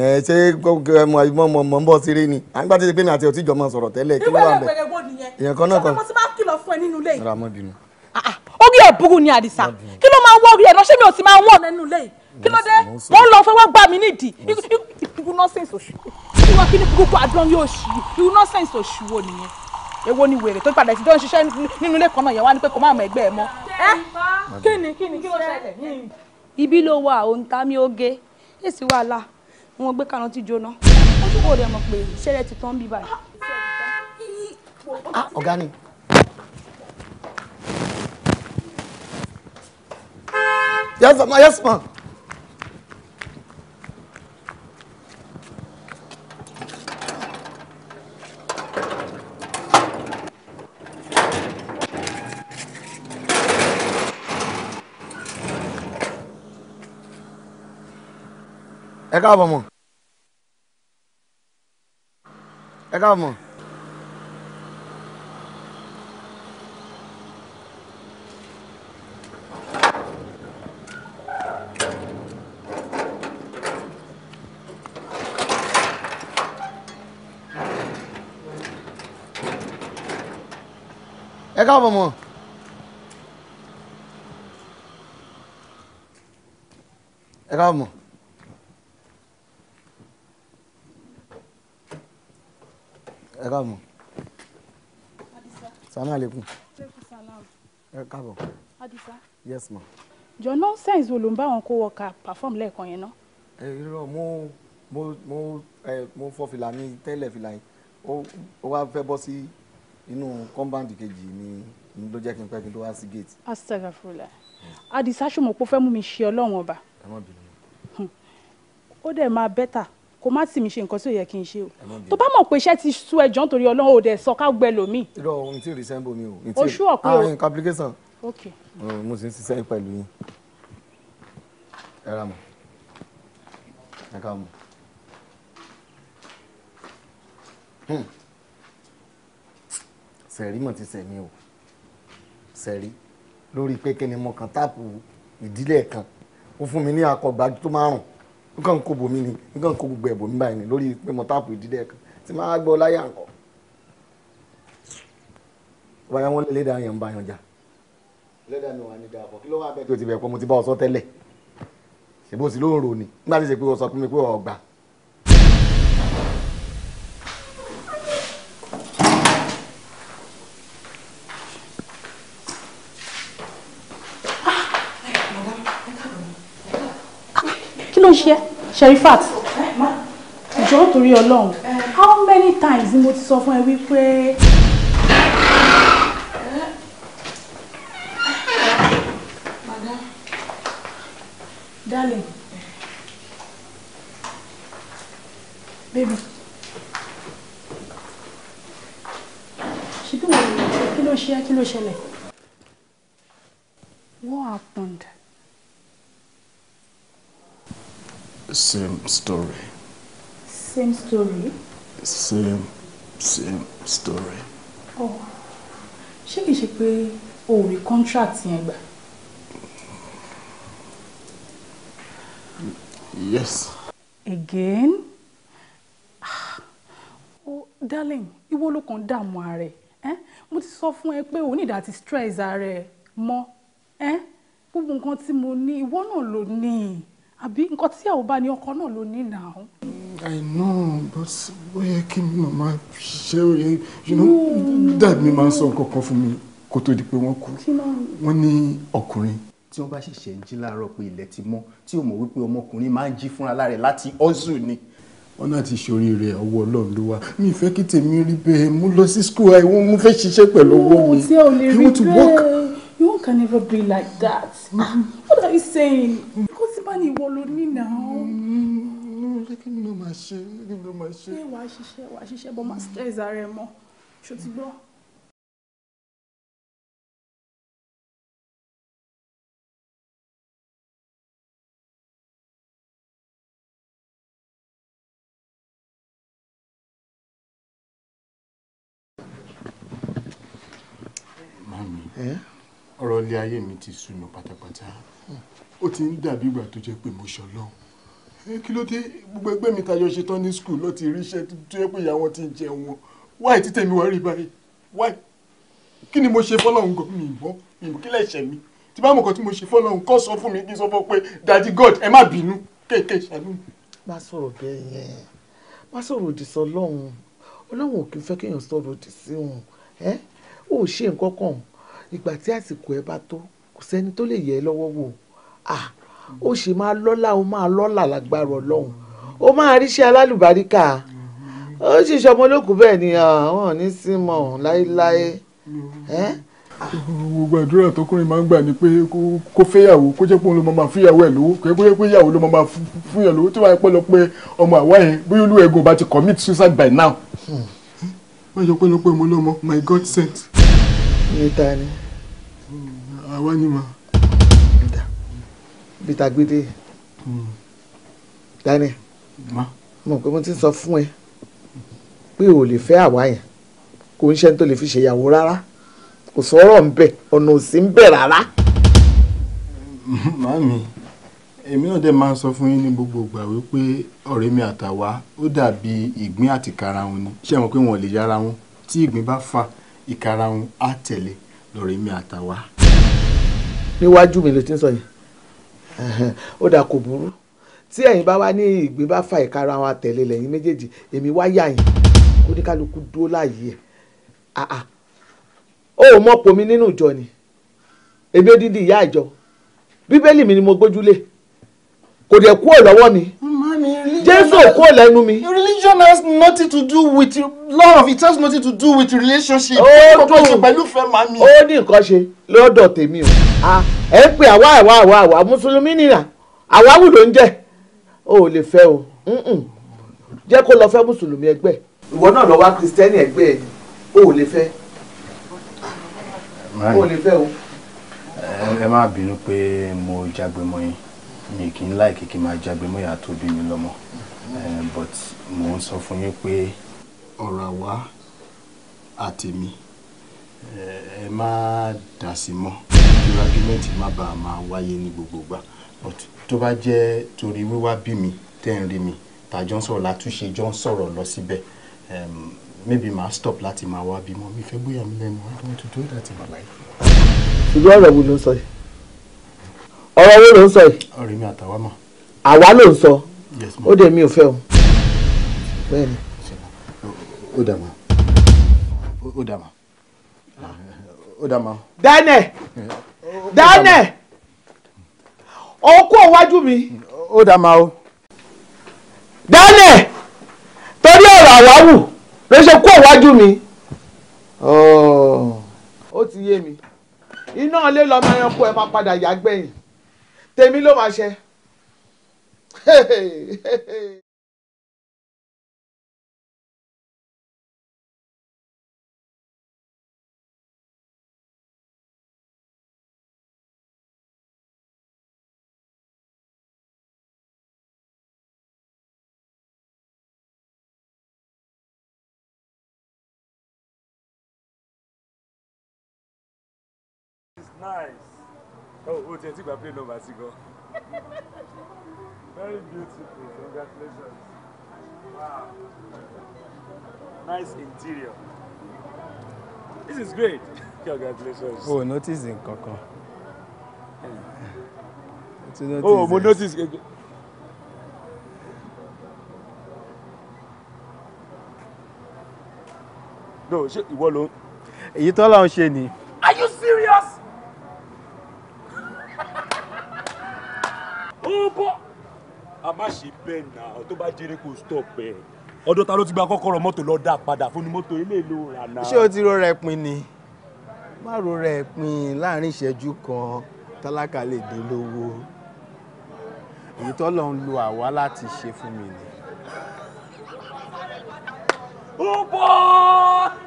ẹ ṣé mọ mọ mọ ń bọ síre ni à ń gbà tètè pé mi àti ọtí jọmọ sọ̀rọ̀ tẹ́lẹ̀ kí ló wà ń bẹ èèyàn kan náà kan ṣọlá mo ti máa kìlọ̀ fún ẹ nínú ilé yìí ah, ah, orí ẹ burú ni àdìsá kí ló máa wọ orí ẹ lọ ṣé mi ò sì máa wọ nínú ilé yìí kí ló dé wọn lọ fẹ́ wá gbà mí nídìí irú nọ́sẹ̀nsì oṣù ìwọ kí ni kúkú àdán yóò ṣì irú nọ́sẹ̀nsì oṣù wo nìyẹn èwo ni wèrè tó padà ìfidó ń ṣiṣẹ́ nínú ilé kan náà yẹn wá ní pé kò má mọ ẹgbẹ́ ẹ mọ́. kí ni kí ni kí ló ṣẹlẹ̀. Hmm. ibi ló wà òǹtàmí oge èsì wàhálà wọn gbé kaná tí jóná ó tún kò dẹ̀ mọ̀ pé ṣẹlẹ̀ ti tán bí báyìí. Ah, ọ̀gá ni. yes ma yes ma. Legal, é mamãe. Legal, é mamãe. Legal, é mamãe. Legal, mamãe. ẹ káàbọ̀ salaam aleykum ẹ káàbọ̀ yes ma. jọ nonsense wo ló ń bá àwọn co-worker perform lẹ́ẹ̀kan yẹn ná. ẹ irọ́ mo mo mo ẹ mo fọ fìlà mi tẹ́lẹ̀ fìlà yìí ó wá fẹ́ bọ́ sí inú compound kejì ni ló jẹ́ kí n pẹ́ kí n tó wá sí gate. astagafurula adisa ṣùgbọ́n pé ó fẹ́ mú mi ṣe ọlọ́run ọba. ẹ má bínú. ó dẹ̀ máa bẹ́tà kó má tì mí ṣe nǹkan tí ò yẹ kí n ṣe o tó bá mọ̀ pé iṣẹ́ ti sú ẹjọ́ nítorí ọlọ́run ò dẹ̀ sọ ká gbẹ lómi. irọ́ ohun tí resemble mi o. oṣù ọ̀pẹ o ah application. ok. Mm, mo sì ń ṣiṣẹ́ pẹ̀lú yín. ẹ ra mọ̀ ẹ ká mọ̀. sẹ̀rí hmm. mọ̀ ti sẹ̀mí o sẹ̀rí lórí pé kí ni mo kàn táàpù ìdílé kan ó fún mi ní akọgbájú tó márùn-ún nǹkan kó bomi ni nǹkan kó gbogbo ẹ̀bùn mi báyìí ni lórí pé mo táàpù ìdílé kan tí máa gbọ́ láyà ńkọ́ báyà wọn lè dáa yẹn ń bá yàn jà lẹ́dàá mi wà ní dáa kí ló wà bẹ́ẹ̀ tí o ti bẹ̀ pọ̀ mo ti bá ọ sọ tẹ́lẹ̀ ṣèbó sì ló ń rò ní nígbà tí ṣe pé o sọ fún mi pé ọgbà. kí Sherifat ìjọ torí Ọlọ́run how many times ni mo ti sọ fún ẹ wípé. darling baby ṣe bí wọn kí ló ṣe kí ló ṣẹlẹ̀. Same story? Same, same story. Oh. Ṣé kìí ṣe pé o ò contract yẹn Yes. Again? Ah, oh, darling, ìwọ ló kàn dààmú ara ẹ̀. Mo ti sọ fún ẹ pé o ní ìdàtí stress ara mọ́. Gbogbo nǹkan tí mo ní, ìwọ náà ló ní. Àbí nǹkan tí àwọn bá ní ọkọ náà ló ní nàá. I know, but ó yẹ kí mi ò you know that mi man ń sọ nǹkan kan fún mi kó tó di pé wọ́n kú wọ́n ní ọkùnrin tí wọ́n bá ṣẹ̀ṣẹ̀ ń jí láàárọ̀ pé ilẹ̀ ti mọ́ tí ò mọ̀ wípé ọmọkùnrin máa ń jí fúnra lára ẹ̀ láti ọ́zù ni wọn náà ti ṣorí rẹ ọwọ́ Ọlọ́run ló wà mi fẹ́ school I mo fẹ́ ṣiṣẹ́ pẹ̀lú owó you want to walk? you can never be like that. Ah. what are you saying. Because the money won't ìwọ ló ní pé kí mi ló máa ṣe kí mi ló máa ṣe. ṣé wàá ṣiṣẹ́ wàá ṣiṣẹ́ bọ́ máa stress ara ẹ mọ́ ṣó ti gbọ́. ọ̀rọ̀ ilé ayé mi ti sú pátápátá ó ti ń dàbí ìgbà tó jẹ́ pé mo ṣọlọ́run kí ló dé gbogbo ẹgbẹ́ mi tayọ ṣe tán ní skul lọ́ọ́ ti rí iṣẹ́ tó yẹ pé ìyá wọn ti ń jẹun wọn wáì títẹ̀ mi wá rí báyìí wáì kí ni mo ṣe fọlọ́hún gan mi ìbọn mi ìbọn kí lẹ́sẹ̀ mi tí bá mọ̀ kan tí mo ṣe fọlọ́hún kọ́ sọ fún mi kí n sọ fún pé dadi god ẹ má bínú kéèké ṣàánú. má sọ̀rọ̀ bẹ́ẹ̀ yẹn má sọ̀rọ̀ òdì sọ lọ́hùn ọlọ́hùn ò kì í fẹ́ kéèyàn sọ̀rọ̀ òdì sí òun ẹ́ ò ṣe nǹkan kan ìgbà tí àsìkò ẹ bá tó kò sẹ́ni tó lè yẹ ẹ lọ́wọ́ wò ah ó sì máa lọ́lá ó máa lọ́lá lágbára ọlọ́run ó máa ríṣẹ́ alálùbáríkà ó sì ṣọmọ olókùn bẹ́ẹ̀ ni àwọn ò ní sí mọ̀ láéláé. gbogbo àdúrà tọkùnrin máa ń gbà ni pé kó fẹ́yàwó kó jẹ́ pé òun ló máa fúnyàwó ẹ̀ lówó kó jẹ́ pé ìyàwó ló máa fúnyàn lówó tí wàá pẹ́ lọ pé ọmọ àwa yẹn bóyá olú ẹ̀gùn bá ti commit suicide by now. wọ́n yọ pé ló pé mo lọ́mọ my God sent. níta ni. àwa ni màá. Peter Gbede hmm. Daniel mo pé mo ti sọ fún ẹ pé o lè fẹ́ àwa yẹn kò ń ṣe tó lè fi ṣèyàwó rárá kò sọ̀rọ̀ ń bẹ̀ ọ̀nà ò sí ń bẹ̀ rárá. màámi èmi náà dẹ̀ máa ń sọ fún yín ní gbogbo ìgbà wípé ọ̀rẹ́ mi àtàwa ó dàbí ìgbín àti karahun ni ṣé wọn pé wọn ò lè yára wọn tí ìgbín bá fa ìkarahun á tẹ̀lé lọ́rẹ́ mi àtàwa. níwájú mi ló ti ń sọ yẹn ó dà kò burú tí ẹ̀yin bá wá ní ìgbín bá fa ìkara wọn àtẹ̀lé lẹ́yìn méjèèjì èmi wá yà yín oníkálukú dúró láàyè ẹ̀ ó ah, ah. mọ̀ pomi nínú ìjọ ni èmi ó dídì ìyá ìjọ bíbélì mi ni mo gbójúlé kò dẹ̀ kúrò lọ́wọ́ mi. Mm Jésù ò kúrò lẹ́nu mi. Your religion has nothing to do with your love it has nothing to do with your relationship. ó dùn ó ní nǹkan ṣe lọ́dọ̀ tèmi o. ẹ ń pè àwa àwa àwa àwa mùsùlùmí nìyà àwa wù ló ń jẹ́ o ò lè fẹ́ o jẹ́ kó lọ fẹ́ mùsùlùmí ẹgbẹ́. ìwọ náà lọ wá kristẹni ẹgbẹ́ ẹ o ò lè fẹ́ o ò lè fẹ́ o. ẹ má bínú pé mo jágbe mọ́ yín mi kì í láì kí máa jágbe mọ́ ìyá tó bí mi lọ́mọ. Eh, but mo ń sọ fún yín pé ọ̀rọ̀ àwa àtèmi eh, ẹ má dà sí mọ́ kí rágímẹ́ǹtì má bàa máa wáyé ní gbogbo but tó bá jẹ́ torí wíwá bí mi tẹ́ ń rí mi tàjọ́ ń sọ̀rọ̀ látúnṣe jọ ń sọ̀rọ̀ lọ síbẹ̀ maybe ma stop láti máa wá bímọ mi fẹ́ bóyá mi lẹ́nu i want to do that in my life. ṣùgbọ́n ọ̀rọ̀ wo ló ń sọ yìí ọ̀rọ̀ wo ló ń sọ yìí. ọ̀rẹ́ mi àtàwa mà. àwa ló ń sọ ó dẹ̀ mi ò fẹ́ o bẹ́ẹ̀ ni. ó dà ma, ó dà ma. ó dà mà. daniel daniel ó kú ọwájú mi. ó dà mà o. daniel torí ọ̀rọ̀ àwáwù ló ṣe kú ọwájú mi. Oh. ó ti yé mi iná ilé lọ́mọ ẹranko ẹ̀ máa padà yá gbẹ̀yìn tèmi ló máa ṣe. Hey, Nice. Oh, o tiẹ̀ ti gba play number sí Very beautiful. Congratulations. Wow. Nice interior. This is great. Congratulations. Oh, notice in Kankan. Yeah. Oh, but notice. No, ṣé ìwọ You Èyí tọ́lá ń a má ṣe bẹ́ẹ̀ náà tó bá jẹrẹ kó stop ẹ̀ ọdún ta ló ti gba kọ́kọ́rọ́ mọ́tò lọ dá padà fún ni mọ́tò ilé ìlú rà ṣé o ti rọra ẹ pin ni má rọra ẹ pin láàrin ìṣẹ́jú kan tálákà lè dé lówó èyí tó lọ ń lo àwa láti ṣe fún mi ni. ó bọ́ ọ́.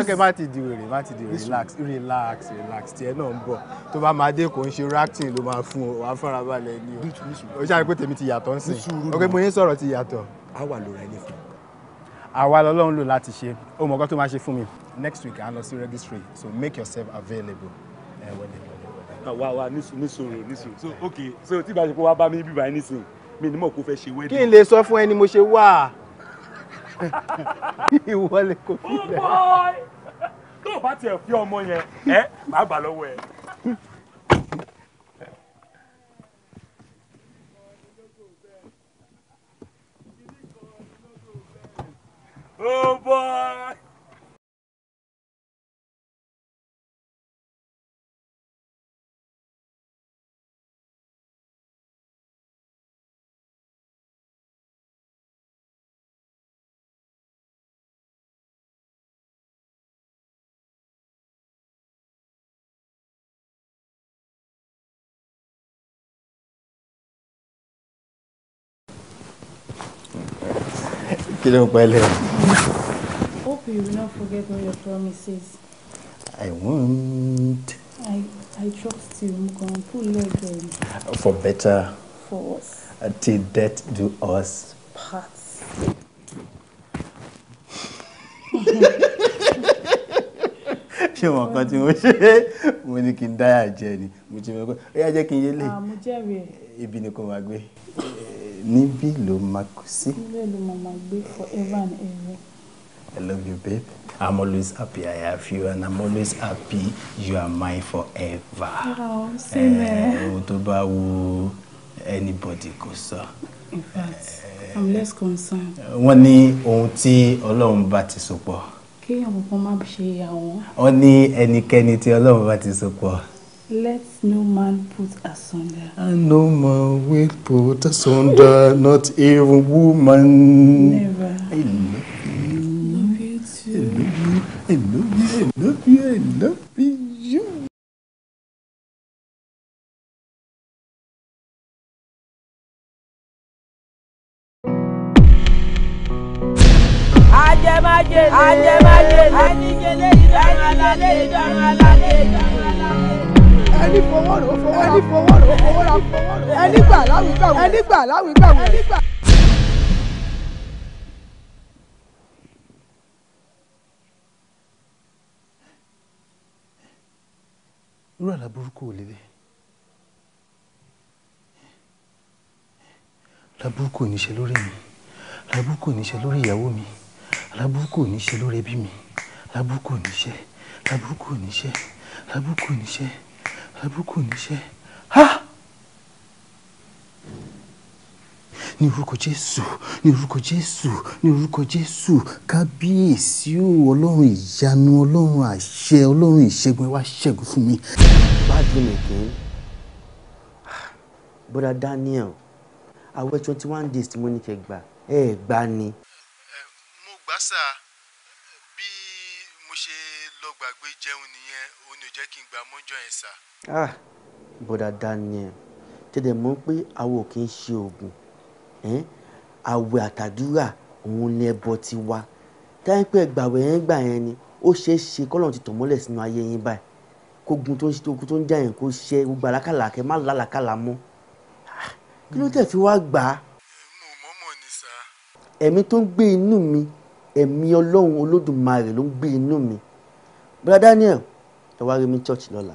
okay má ti di wèrè má ti di relax relax relax tiẹ̀ náà ń bọ̀ tó bá máa dé kò ń ṣe reacting ló máa fún o wàá fara balẹ̀ ni o o ṣáà rí pé tèmi ti yàtọ̀ ń sìn ok mo yín sọ̀rọ̀ ti yàtọ̀. a wà lóra ẹni fún àwa lọ́lọ́run lò láti ṣe ó mọ̀ ọ́kọ́ tó máa ṣe fún mi next week à ń lọ sí registry so make yourself available ẹ wọlé wọlé wọlé. wà wà nísòro nísòro so ok so tí ìbáṣepọ̀ wa bá mi bíbá ẹni sìn mi ni mo kò fẹ́ ṣe wedding. kí n lè sọ fún ẹni mo ṣe wá ìwọlé kò fi lẹ. Oh, tó o bá tiẹ̀ fi ọmọ yẹn ẹ máa gbà lọ́wọ́ ẹ. Oh boy! kí ló ń pẹ́lẹ́. hope you will not forget all your promises. I won't. I, I trust you. Mugan, pull leg in. For better. For us. Till death do us part. ṣé wọn kan tí mo ṣe mo ní kí n dáyà jẹ ni mo ti mọ pé ó yà jẹ́ kí n yé lè ah, ibi ni kò máa gbé níbí ló máa kú sí. níbẹ̀ ló máa máa gbé forever and ever. I love you, babe. I'm always happy I have you, and I'm always happy you are mine forever. Wow, same there. Ohun tó bá wo anybody kò sọ. In fact, uh, I'm less concerned. Wọ́n ní ohun tí Ọlọ́run bá ti so pọ̀. Kéèyàn kankan má ṣe àwọn. Wọ́n ní ẹnikẹ́ni tí Ọlọ́run bá ti so pọ̀. Let no man put asunder. And no man will put asunder, not even woman. Never. I love you. I love you too. I love you. I love you. I love you. I I love love you. you. I love you. I love you ẹni fọwọ́ rò fọwọ́ ẹni fọwọ́ rò fọwọ́ ra fọwọ́ rò ẹni gbà láwùí gbà wù ẹni gbà láwùí gbà wù ẹni gbà. irú àlá burúkú ò lélẹ̀ àlá ò ní ṣe lórí mi àlá burúkú ò ní ṣe lórí ìyàwó mi àlá burúkú ò ní ṣe lórí ẹbí mi àlá burúkú ò ní ṣe àlá ò ní ṣe àlá ò ní ṣe àbúkù níṣẹ́ ha ní orúkọ jésù ní orúkọ jésù ní orúkọ jésù kábíyèsí o ọlọ́run ìyanu ọlọ́run àṣẹ ọlọ́run ìṣẹ́gun brother daniel àwẹ̀ twenty one days tí mo ní kẹ́ gbà ẹ ẹ gbà ni. mo gbà sá bí mo ṣe lọ Ah! Brother Daniel, ṣé dẹ̀ mọ̀ pé àwa ò kí ń ṣe òògùn? Ehn, àwẹ̀ àtàdúrà òun ni ẹbọ ti wa. Tá ní pé ẹ gbàwẹ̀ yẹn nígbà yẹn ni, ó ṣe é ṣe kí Ọlọ́run ti tan imọ́lẹ̀ sínú ayé yín báyìí. Kógun tó ń ṣe, ogun tó ń jà kó ṣe gbogbo àlákálà kẹ má lá mọ́. Ah, kí ló dé fi wá gbà á? ni sà. Ẹ̀mí tó ń gbé inú mi, ẹ̀mí Ọlọ́run Olódùmarè ló ń gbé inú mi. Brother Daniel, ẹ wá rí mi church lọ́la.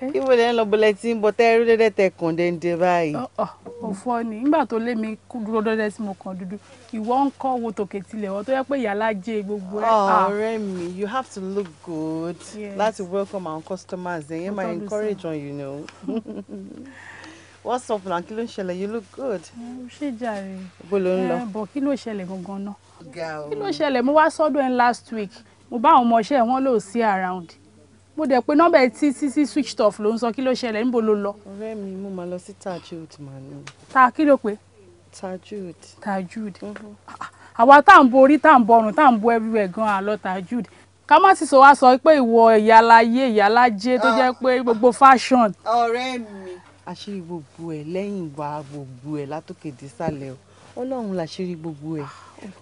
Eh? ibo lẹ́ lọ bọ́lẹ̀ tí ń bọ tẹ́ rí dẹ́dẹ́ tẹ kàn déédéé báyìí. òfò ni nígbà tó lé mi dúró dẹ́dẹ́ tí mo kàn dúdú ìwọ ń kọ́ wo tòkè tilẹ̀ ọ tó yẹ pé ìyálà jẹ́ gbogbo ẹ̀. Ah. ọ̀rẹ́ mi you have to look good láti yes. welcome our customers ẹ̀yẹ́ máa encourage on you know. what's up na kí ló ń ṣẹlẹ̀ you look good. mo ṣe jàre bó ló ń lọ. Eh, bọ̀ kí ló ṣẹlẹ̀ gangan náà kí ló ṣẹlẹ̀ mo wá sọ́dọ̀ ẹ̀ last week mo bá àwọn ọmọọṣẹ́ wọn lò sí around mo dẹ̀ pé nọ́mbà ẹ tí sí sí switched off ló ń sọ kí ló ṣẹlẹ̀ níbo ló lọ. ọ̀rẹ́ mi mo máa lọ sí tajud màá ní. ta kí ló pé. tajud. tajud mhm. àwa tá à ń bo tá à ń bọrùn tá à ń bo everywhere gan àlọ tajud ká má sì sọ wá sọ pé ìwọ ìyáláyé ìyálájé tó jẹ́ pé gbogbo fashion. ọ̀rẹ́ mi àṣírí gbogbo ẹ̀ lẹ́yìn ìwà gbogbo ẹ̀ látòkè désàlẹ̀ ọlọ́run làṣírí gbogbo ẹ̀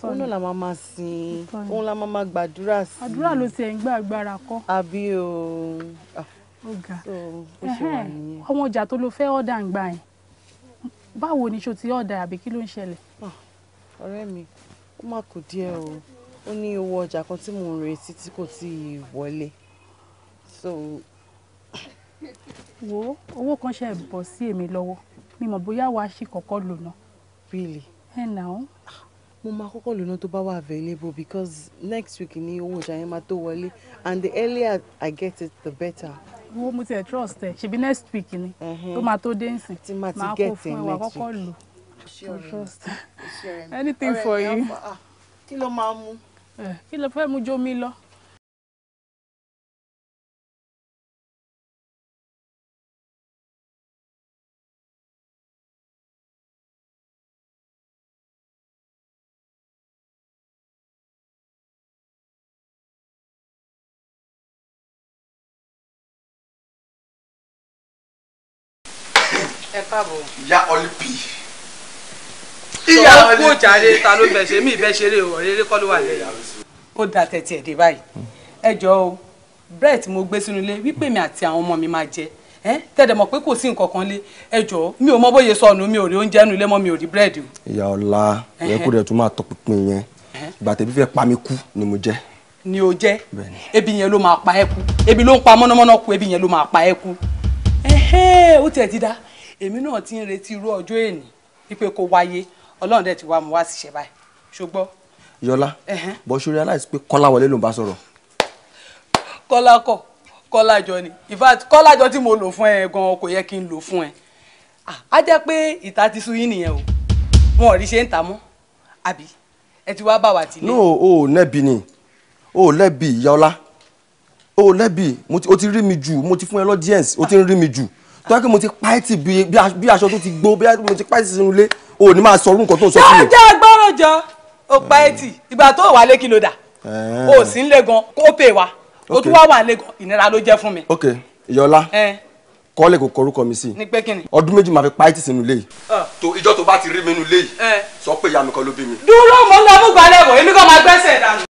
òun náà la máa máa sìn òun la máa máa gbàdúrà sí. àdúrà ló ti ẹ̀ ń gbà agbára kọ́. àbí o. ọ̀gá ah. àwọn ọjà tó lọ fẹ́ ọ̀dà ń gbà yẹn báwo ni ṣo ti ọ̀dà àbí kí ló ń ṣẹlẹ̀. Ah, ọ̀rẹ́ mi ó má kù díẹ̀ o ó ní owó ọjà kan tí mò ń retí tí kò tí ì wọlé so. wo owó kan ṣe bọ́ sí èmi lọ́wọ́ mi mọ̀ bóyá wàá ṣì kọ́kọ́ lò ná. bíìlì. ẹ nà ó. Ah mo máa kọ́kọ́ lóná tó bá wà available because next week ni owó ọjà yẹn máa tó wọlé and the earlier I get it the better. wo mo tiẹ̀ trust ẹ̀ ṣebí next week ni tó máa tó dé nsìn máa kó fún ẹ wà kọ́kọ́ lò trust anything for you. Ah, kí ló máa mú. Eh, kí ló fẹ́ mú jó lọ. ìyá ọlípì. ìyá ọlípì. ó jàre ta ló bẹ ṣe mí ìbẹ ṣeré o ọ̀rẹ́rẹ́ kọ́ ló wà lẹ́yìn. ó da tẹ̀tí dé báyìí ẹ jọ o bread mo gbé sínú ilé wípé mi àti àwọn ọmọ mi máa jẹ tẹ́lẹ̀ mọ̀ pé kò sí nǹkan kan lé ẹ jọ mi ò mọ bóyá sọnù mi ò rí oúnjẹ nù ilé mọ́ mi ò rí búrẹ́dì o. ìyá ọ̀la ìyẹn kúrò ẹ̀ tún máa tọpinpin yẹn ìgbà tẹ̀bí fẹ́ pa mí kú ni mo jẹ́ ni o jẹ ebi yẹn ló máa pa ẹ kú ebi ló ń pa mọ́nàmọ́ná kú ebi yẹn ló máa pa ẹ kú ó tiẹ̀ ti dá èmi náà ti ń retí irú ọjọ́ èní wípé kó wáyé ọlọ́run dẹ̀ ti wá mu wá síṣẹ́ báyìí ṣùgbọ́n. yọlá bó ṣe realize pé kọ́láwọlé ló ń bá sọ̀rọ̀. kọ́lá kọ̀ kọ́lá jọ ni in fact kọ́lá jọ tí mo lò fún ẹ gan kò yẹ kí n lò fún ẹ á jẹ́ pé ìta ti sú yín nìyẹn o wọn ò rí ṣe ń ta mọ́ àbí ẹ ti wá bá wa tìlẹ̀. no o ò lẹ́bi ni o ò lẹ́bi yọlá o ò lẹ́bi o ti rí mi jù mo ti fún ẹ lọ díẹ̀ o ti ń rí mi jù tó yẹ kí mo ti pa ẹ́ tì bí aṣọ tó ti gbó bí mo ti pa ẹ́ tì sínú ilé o ò ní máa sọ orú nǹkan tó ń sọ fún mi. jẹ́ agbọ́rọ̀ jọ o pa ẹ́ tì ìgbà tó wà lé kí ló dà o sì ń lé gan kó pè wá o tún wá wà lé gan ìnira ló jẹ́ fún mi. ok ìyọlá kọ́lẹ̀ kò kọrúkọ mi sí i. ní pé kí ni. ọdún méjì máa fi pa ẹ́ tì sínú ilé yìí. tó ìjọ tó bá ti rí mi nínú ilé yìí sọ pé ìyá kan ló bí mi. dúró mo ń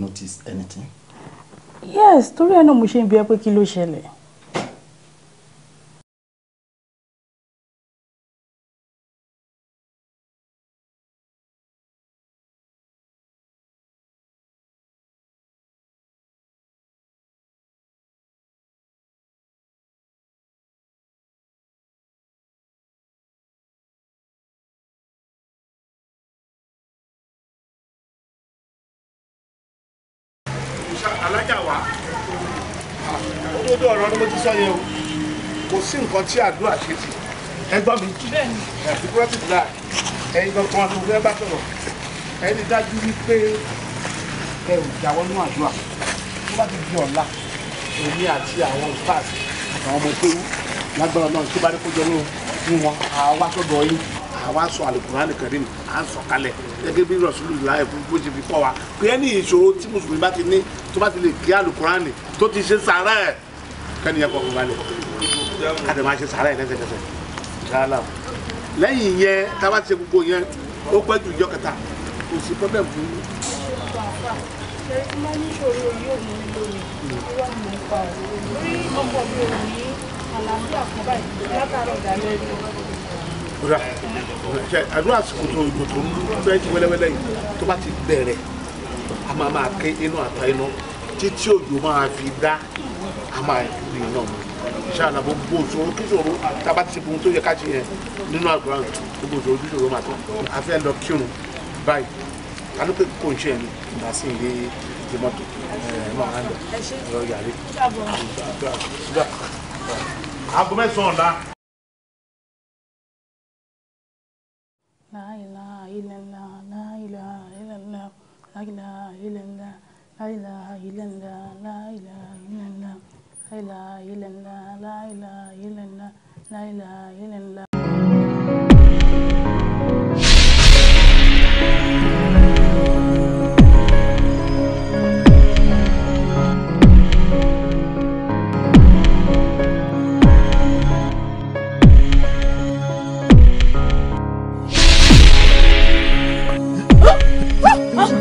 notice anything. yes torí ẹ náà mo ṣe ń bi ẹ pé kí ló ṣẹlẹ̀. wá òdodo ọ̀rọ̀ ni mo ti sọ yẹn o kò sí nǹkan tí àdúrà ṣe sí ẹgbọ́n mi ẹ̀fí pírọ́tìtì náà ẹ̀yin kankan ló fẹ́ bá sọ̀rọ̀ ẹni dájú wípé ẹ ò jáwọ́ nínú àdúrà tó bá ti di ọ̀la èmi àti àwọn ìfáàsì àtàwọn ọmọ ìpéwú lágbára náà tó bá rí kójọ náà fún wọn àwa tó dọ̀ yín àwa sọ alukurani karim à ń sọ̀kalẹ̀ gẹ́gẹ́ bí rasulillah bó ṣe fi kọ́ wa pé ẹni ìṣòro tí mùsùlùmí bá ti ní tó bá ti lè kí alukurani tó ti ṣe sàárà ẹ̀ kẹ́niyẹn kọ́ fún balẹ̀ káde máa ṣe sàárà ẹ̀ lẹ́sẹ̀kẹsẹ̀ ṣáàlà lẹ́yìn yẹn tá a bá ṣe gbogbo yẹn ó pẹ́ ju ìjọ kẹta kò sí pọ́bẹ̀mù fún mi. ṣé máa ní ìṣòro yóò mú mi lónìí wọ́n mú mi pa ọ̀ ra ṣe àdúrà àsìkò tó ìgò tó ń bẹ́ẹ̀ jí wẹ́lẹ́wẹ́lẹ́ yìí tó bá ti bẹ̀rẹ̀ a máa máa ké inú àtà iná títí òjò máa fi dá a máa rí iná mu iṣẹ́ àná gbogbo òṣòro kí ṣòro tábà ti fún tó yẹ ká ti yẹn nínú àdúrà gbogbo òṣòro kí ṣòro máa tán a fẹ́ lọ kírun báyìí ká ló pé kò ń ṣe ẹni ìgbà sí ilé ìmọ̀tò ẹ̀ máa ń lọ ẹ̀rọ yàrá aago mẹ́sàn-án ọ̀la. La ilaha illallah, la ilaha illallah, la ilaha illallah, la ilaha illallah, la ilaha illallah, la ilaha illallah, la ilaha illallah, la ilaha illallah.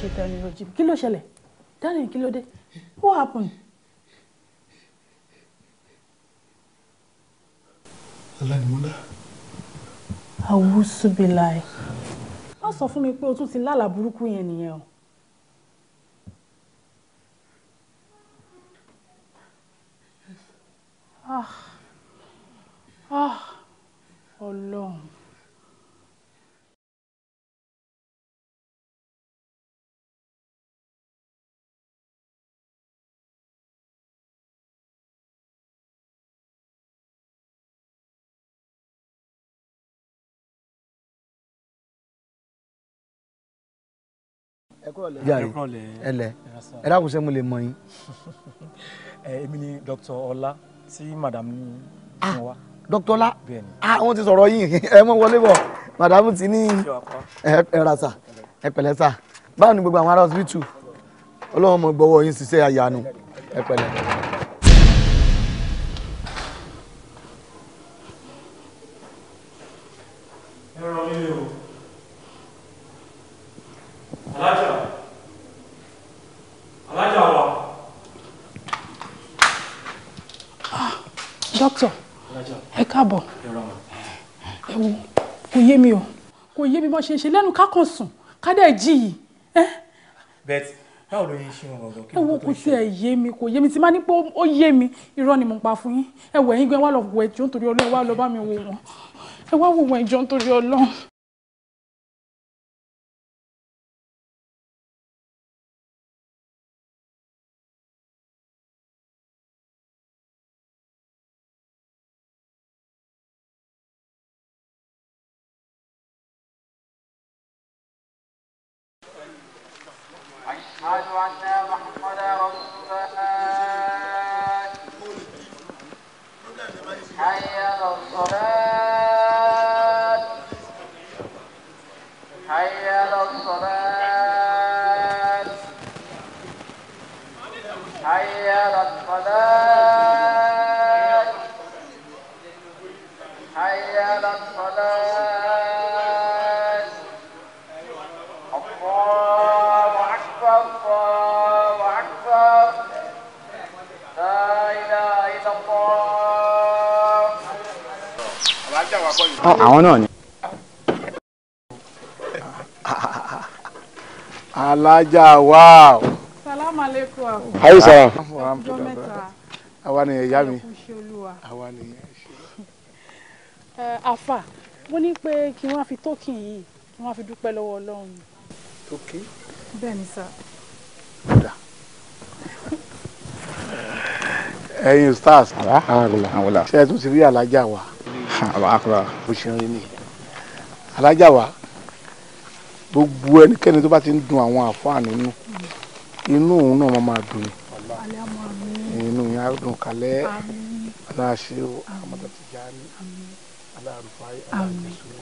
ṣètọ́ni rojì kí ló ṣẹlẹ̀ darling kí ló dé what happened. aláìmọ́lá. awúsùbìláì má sọ fún mi pé o tún ti lálàá burúkú yẹn nìyẹn o. ah ah ọlọ́run. jàre ẹlẹ ẹ dákun ṣé mo lè mọ yín. èmi ni dr ọlá tí madam ní fún wa. dr ọlá àwọn ah, ti sọ̀rọ̀ yín ẹ mọ wọlé bọ̀ madam ti ní ẹ ra sà ẹ pẹ̀lẹ́ sà báwo ni gbogbo àwọn ará hospital ọlọ́run mọ̀ gbọ́wọ́ yín ṣiṣẹ́ àyànnu ẹ pẹ̀lẹ́. yé mi bọ́ ṣe ṣe lẹ́nu ká kàn sùn ká dẹ̀ jí yìí. bẹ́ẹ̀ báwo ló yẹ ṣe wọn gbọgbọ kí ló tó ṣe. ẹ wo kò tí ẹ yé mi kò yé mi tí máa ní pé ó yé mi irọ́ ni mo pa fún yín ẹ wẹ̀ yín wà lọ wẹ̀ jọ́ nítorí Ọlọ́run wà lọ bá mi wò wọ́n ẹ wá wò wọ́n ẹ̀jọ́ nítorí Ọlọ́run. àwọn náà ni. alájà wa o. salamu aleykum. ayi sara. ọjọ́ mẹ́ta. àwa nìyẹn ìyá mi. àwa nìyẹn. àfà mo ní pé kí wọ́n fi tókì yìí kí wọ́n fi dúpẹ́ lọ́wọ́ ọlọ́run. tókì. bẹ́ẹ̀ ni sà. ẹ̀yin stars. ṣé ẹ tún ti rí alájà wa àbáàkúrà bó ṣe ń rí nìyẹn alájà wa gbogbo ẹnikẹ́ni tó bá ti ń dun àwọn àfáàní inú inú òun náà máa máa dùn inú yẹn á dùn kalẹ́ aláṣẹ àmọ́tà ti já ní aláàrúfáì aláàjẹsọ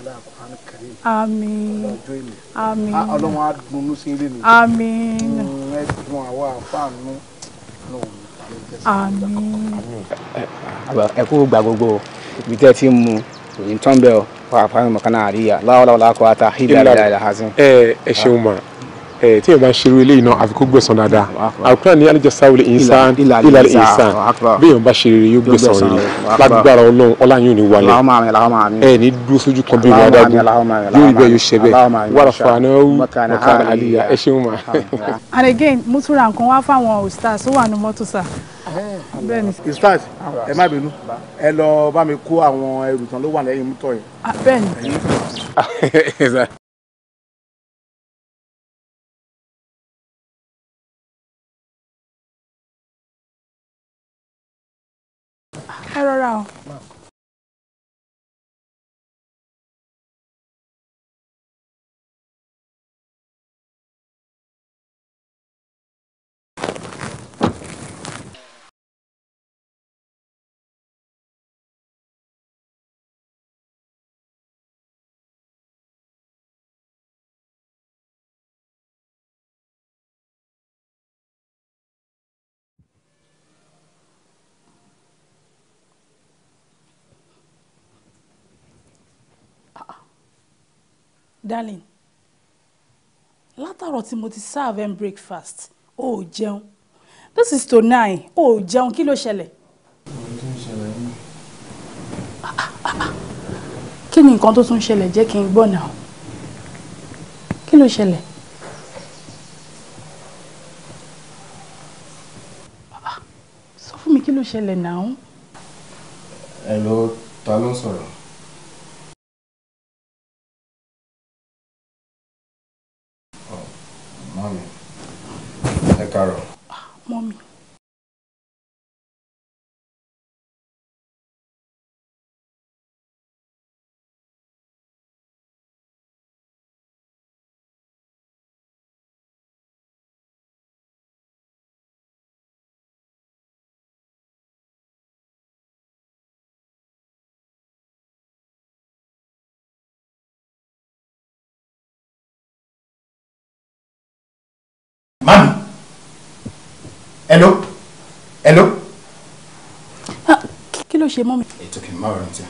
aláàkúrán kẹrin ọlọ́jọ́ ìlú ọlọ́run á dunnú sí ilé nìyẹn ẹ dun àwọn àfáàní náà ẹ kó gba gbogbo ibi tẹ́ ti mú òyìn tán bẹ́ẹ̀ wà fáwọn mọ̀kánná àríyá láwọ́láwọ́lá kó ata hídà ìlà hasim. ẹ ẹ ṣeun ma ẹ tí yẹn bá ń ṣerú eléyìí náà àfi kó gbẹ̀sán dáadáa àkúrà ní alijasawul insan ilal insan bí yẹn bá ṣe rere yóò gbẹ̀sán rere lágbára ọlọ́run ọláyún ní wálé ẹ ní dúró sójú kan bí wàá dágún yóò ibẹ̀ yóò ṣe bẹ́ẹ̀ wàrà fàánáwó mọ̀kánná àríyá ẹ ṣeun ma. and again mo tún ra nǹkan wá fáwọn ustaz wà ní mọ́tò sáà bẹ́ẹ̀ni. istat ẹ má bínú ẹ lọ bá mi kó àwọn ẹrù tán ló wà lẹ́yìn mútọ yẹn. Ah, bẹ́ẹ̀ni. ẹ rọra o. darling látàrọ̀ tí mo ti serve and breakfast o ò jẹun this is to nine o ò jẹun kí ló ṣẹlẹ̀. kí ni nǹkan tó tún ṣẹlẹ̀ jẹ́ kí n gbọ́ náà kí ló ṣẹlẹ̀. sọ fún mi kí ló ṣẹlẹ̀ náà. ẹ ló ta ló sọ̀rọ̀. ló ṣe mọ́mi. ètò kì í má rántí.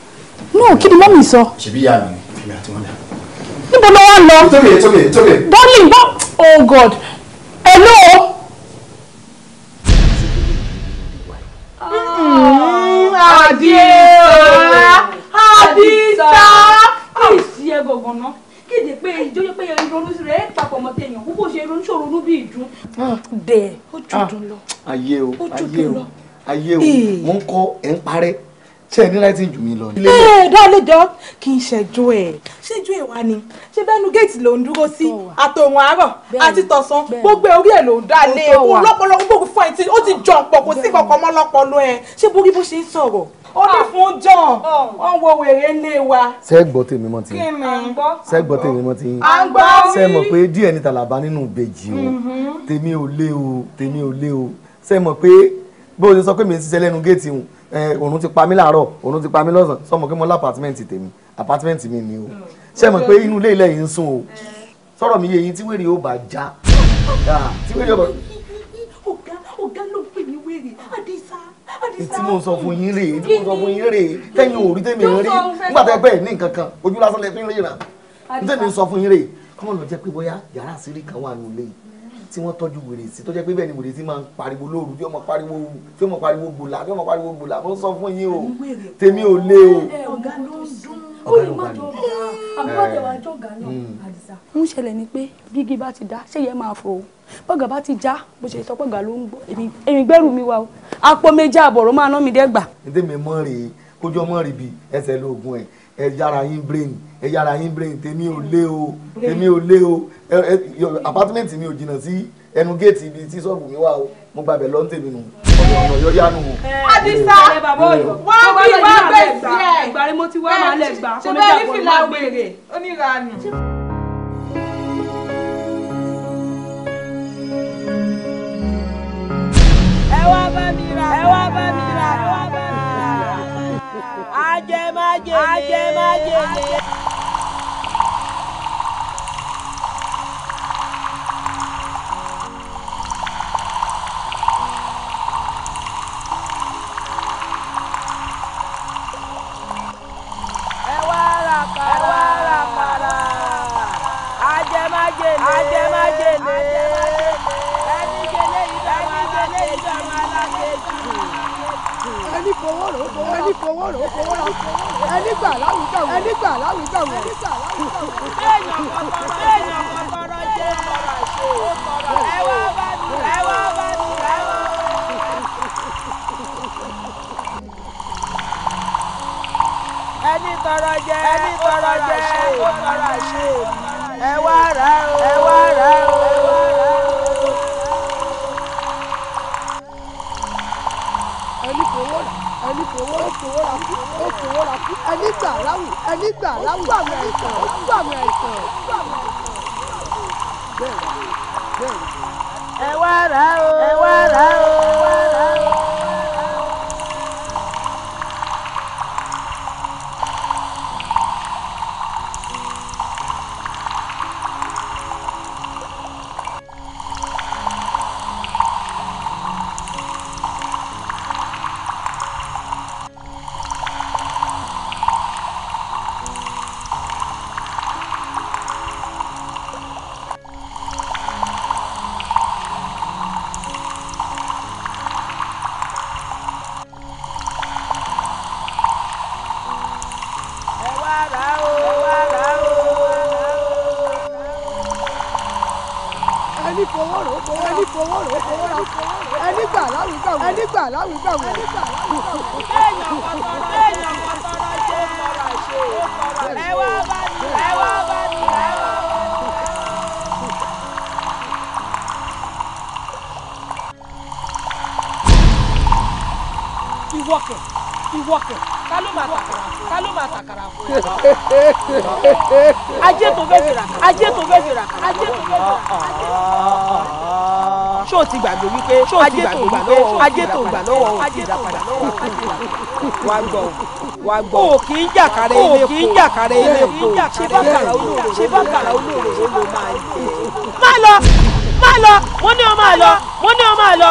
no kí ni mọ́mi sọ. ṣèbí ìyá mi èmi àti wọn dà. níbo ló wá lọ. tókè tókè tókè. darling bá oh god hello. àdìsá àdìsá kìsì ẹ gọ̀gàn náà kéde pé ìjọyọ̀ pé ìrònú rẹ̀ papọ̀ mọ́ tẹ̀yàn kó bó ṣe ronú ṣòronú bí ìdún. bẹ́ẹ̀ ah, ó jòdùn ah, lọ. ayé o ayé o ayé o mo ń kọ ẹ̀ ń parẹ́ ṣe ní láti jù mí lọ ni. ẹ dáálé jọ kí ṣẹjú ẹ ṣẹjú ẹ wá ni ṣé bẹnu géètì ló ń dúró sí àtòwọn àárọ̀ àti tọ̀sán gbogbo orí ẹ ló ń dálé ewu lọ́pọlọ gbogbo fún ẹ tí ó ti jọ pọ̀ kò sí kankan mọ́ lọ́pọlọ ẹ ṣé borí bó ṣe ń sọ̀rọ̀ ó ní ah. fún john wọn wo wèrè lé wa. ṣé gbọ́ tèmi mọ́ ti yín ṣé gbọ́ tèmi mọ́ ti yín ṣé mọ̀ pé díẹ̀ ní tàlàbà nínú ìbejì o mm-hmm. tèmi ò lé o tèmi ò lé o ṣé mọ̀ pé bó o ṣe sọ pé mi ń ṣiṣẹ́ lẹ́nu géètì hùn òrùn ti pa mí láàárọ̀ òrùn ti pa mí lọ́sàn sọmọ pé mo lá apàtímẹ́ǹtì tèmi apàtímẹ́ǹtì mi ni o hmm. ṣé mọ̀ pé hmm. inú ilé ilẹ̀ yìí ń sùn o hmm. sọ̀rọ̀ mi yẹ yín tí wèrè yóò bá já tí wèrè yóò bá. ọ̀gá ọ̀gá ló pè mí wèrè àdìsá tí mo sọ fún yín rèé tí mo sọ fún yín rèé tẹ́yìn ò rí tẹ́mi rí nígbà tẹ́ bẹ́ẹ̀ ní nǹkan kan ojú lásán lẹ fi ń ríran tẹ́mi sọ fún yín rèé kọ́mọ lọ jẹ́ pé bóyá yàrá àṣírí kan wà nínú ilé yìí tí wọ́n tọ́jú wèrè sí tó jẹ́ pé bẹ́ẹ̀ ni wèrè sí máa ń pariwo lóru bí ọmọ pariwo bí ọmọ pariwo gbòlà bí ọmọ pariwo gbòlà mo sọ fún yín o tèmi ò lé o. ọ̀gá ló ń dún ó lè má jọ ọ̀gá àbúrò àtẹwà jọ ọ̀gá náà hmm. ń ṣẹlẹ̀ ni pé bí bá ti dá ṣé yẹ máa fò ó bọ́gà bá ti já bó ṣe sọ pọ́gà ló ń gbọ́ èmi gbẹ́rù mi wá o àpò méjì àbọ̀rọ̀ máa ná mi dẹ́gbà. ẹ ẹ yára yín brain ẹ yára yín brain tèmi ò lé o tèmi ò lé o apartment mi ò jìnnà sí ẹnu géètì ibi tí sọ́ọ̀bù mi wà o mo gbàgbẹ́ lọ́n tèmi nù ọ̀nà ọ̀nà yọ yánu o. adisa wá bí wá bẹ̀ sí ẹ̀ ẹgbàre mo ti wá máa lẹ̀ gbà kó lè dàpọ̀ ní agbèrè oníranù. ẹ wá bá mi ra ẹ wá bá mi ra ẹ wá bá mi ra ajẹmájèlé ajẹmájèlé. fowó rò ó fowó rà ẹni fowó rò ó fowó rà ẹni gbà láwùjọ wò ẹni gbà láwùjọ wò. èèyàn kọ̀ọ̀kan èèyàn kọ̀ọ̀kan jẹ́ kọ̀ọ̀ra ṣe ẹ wá bá mi ẹ wá bá mi ẹ wá. ẹni tọrọ jẹ ẹni tọrọ jẹ ẹ wá rà ṣe ẹ wá rà o ẹ wá rà o. ẹni gbà láwù ẹni gbà láwù àmì àìsàn àmì àìsàn. ẹ wá ra o ẹ wá ra o. ajé tó gbà lọ́wọ́ ajé tó gbà lọ́wọ́ ajé tó gbà lọ́wọ́ wà gbọ́ wà gbọ́ o kì í jàkàrẹ ilé kò o kì í jàkàrẹ ilé kò ṣe bá kàrà olóore ṣe bá kàrà olóore ló máa jẹ. má lọ má lọ wọ́n ní o máa lọ wọ́n ní o máa lọ.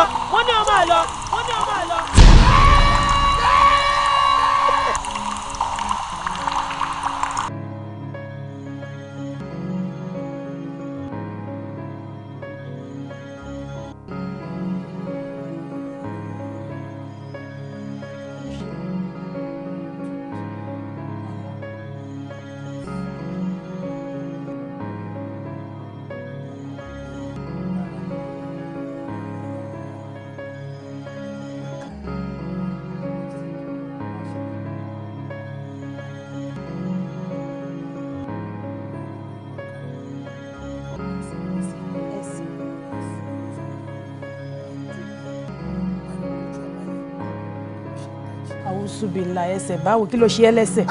àwùsùbìlà ẹsẹ̀ báwo kí ló ṣe ẹ́ lẹ́sẹ̀.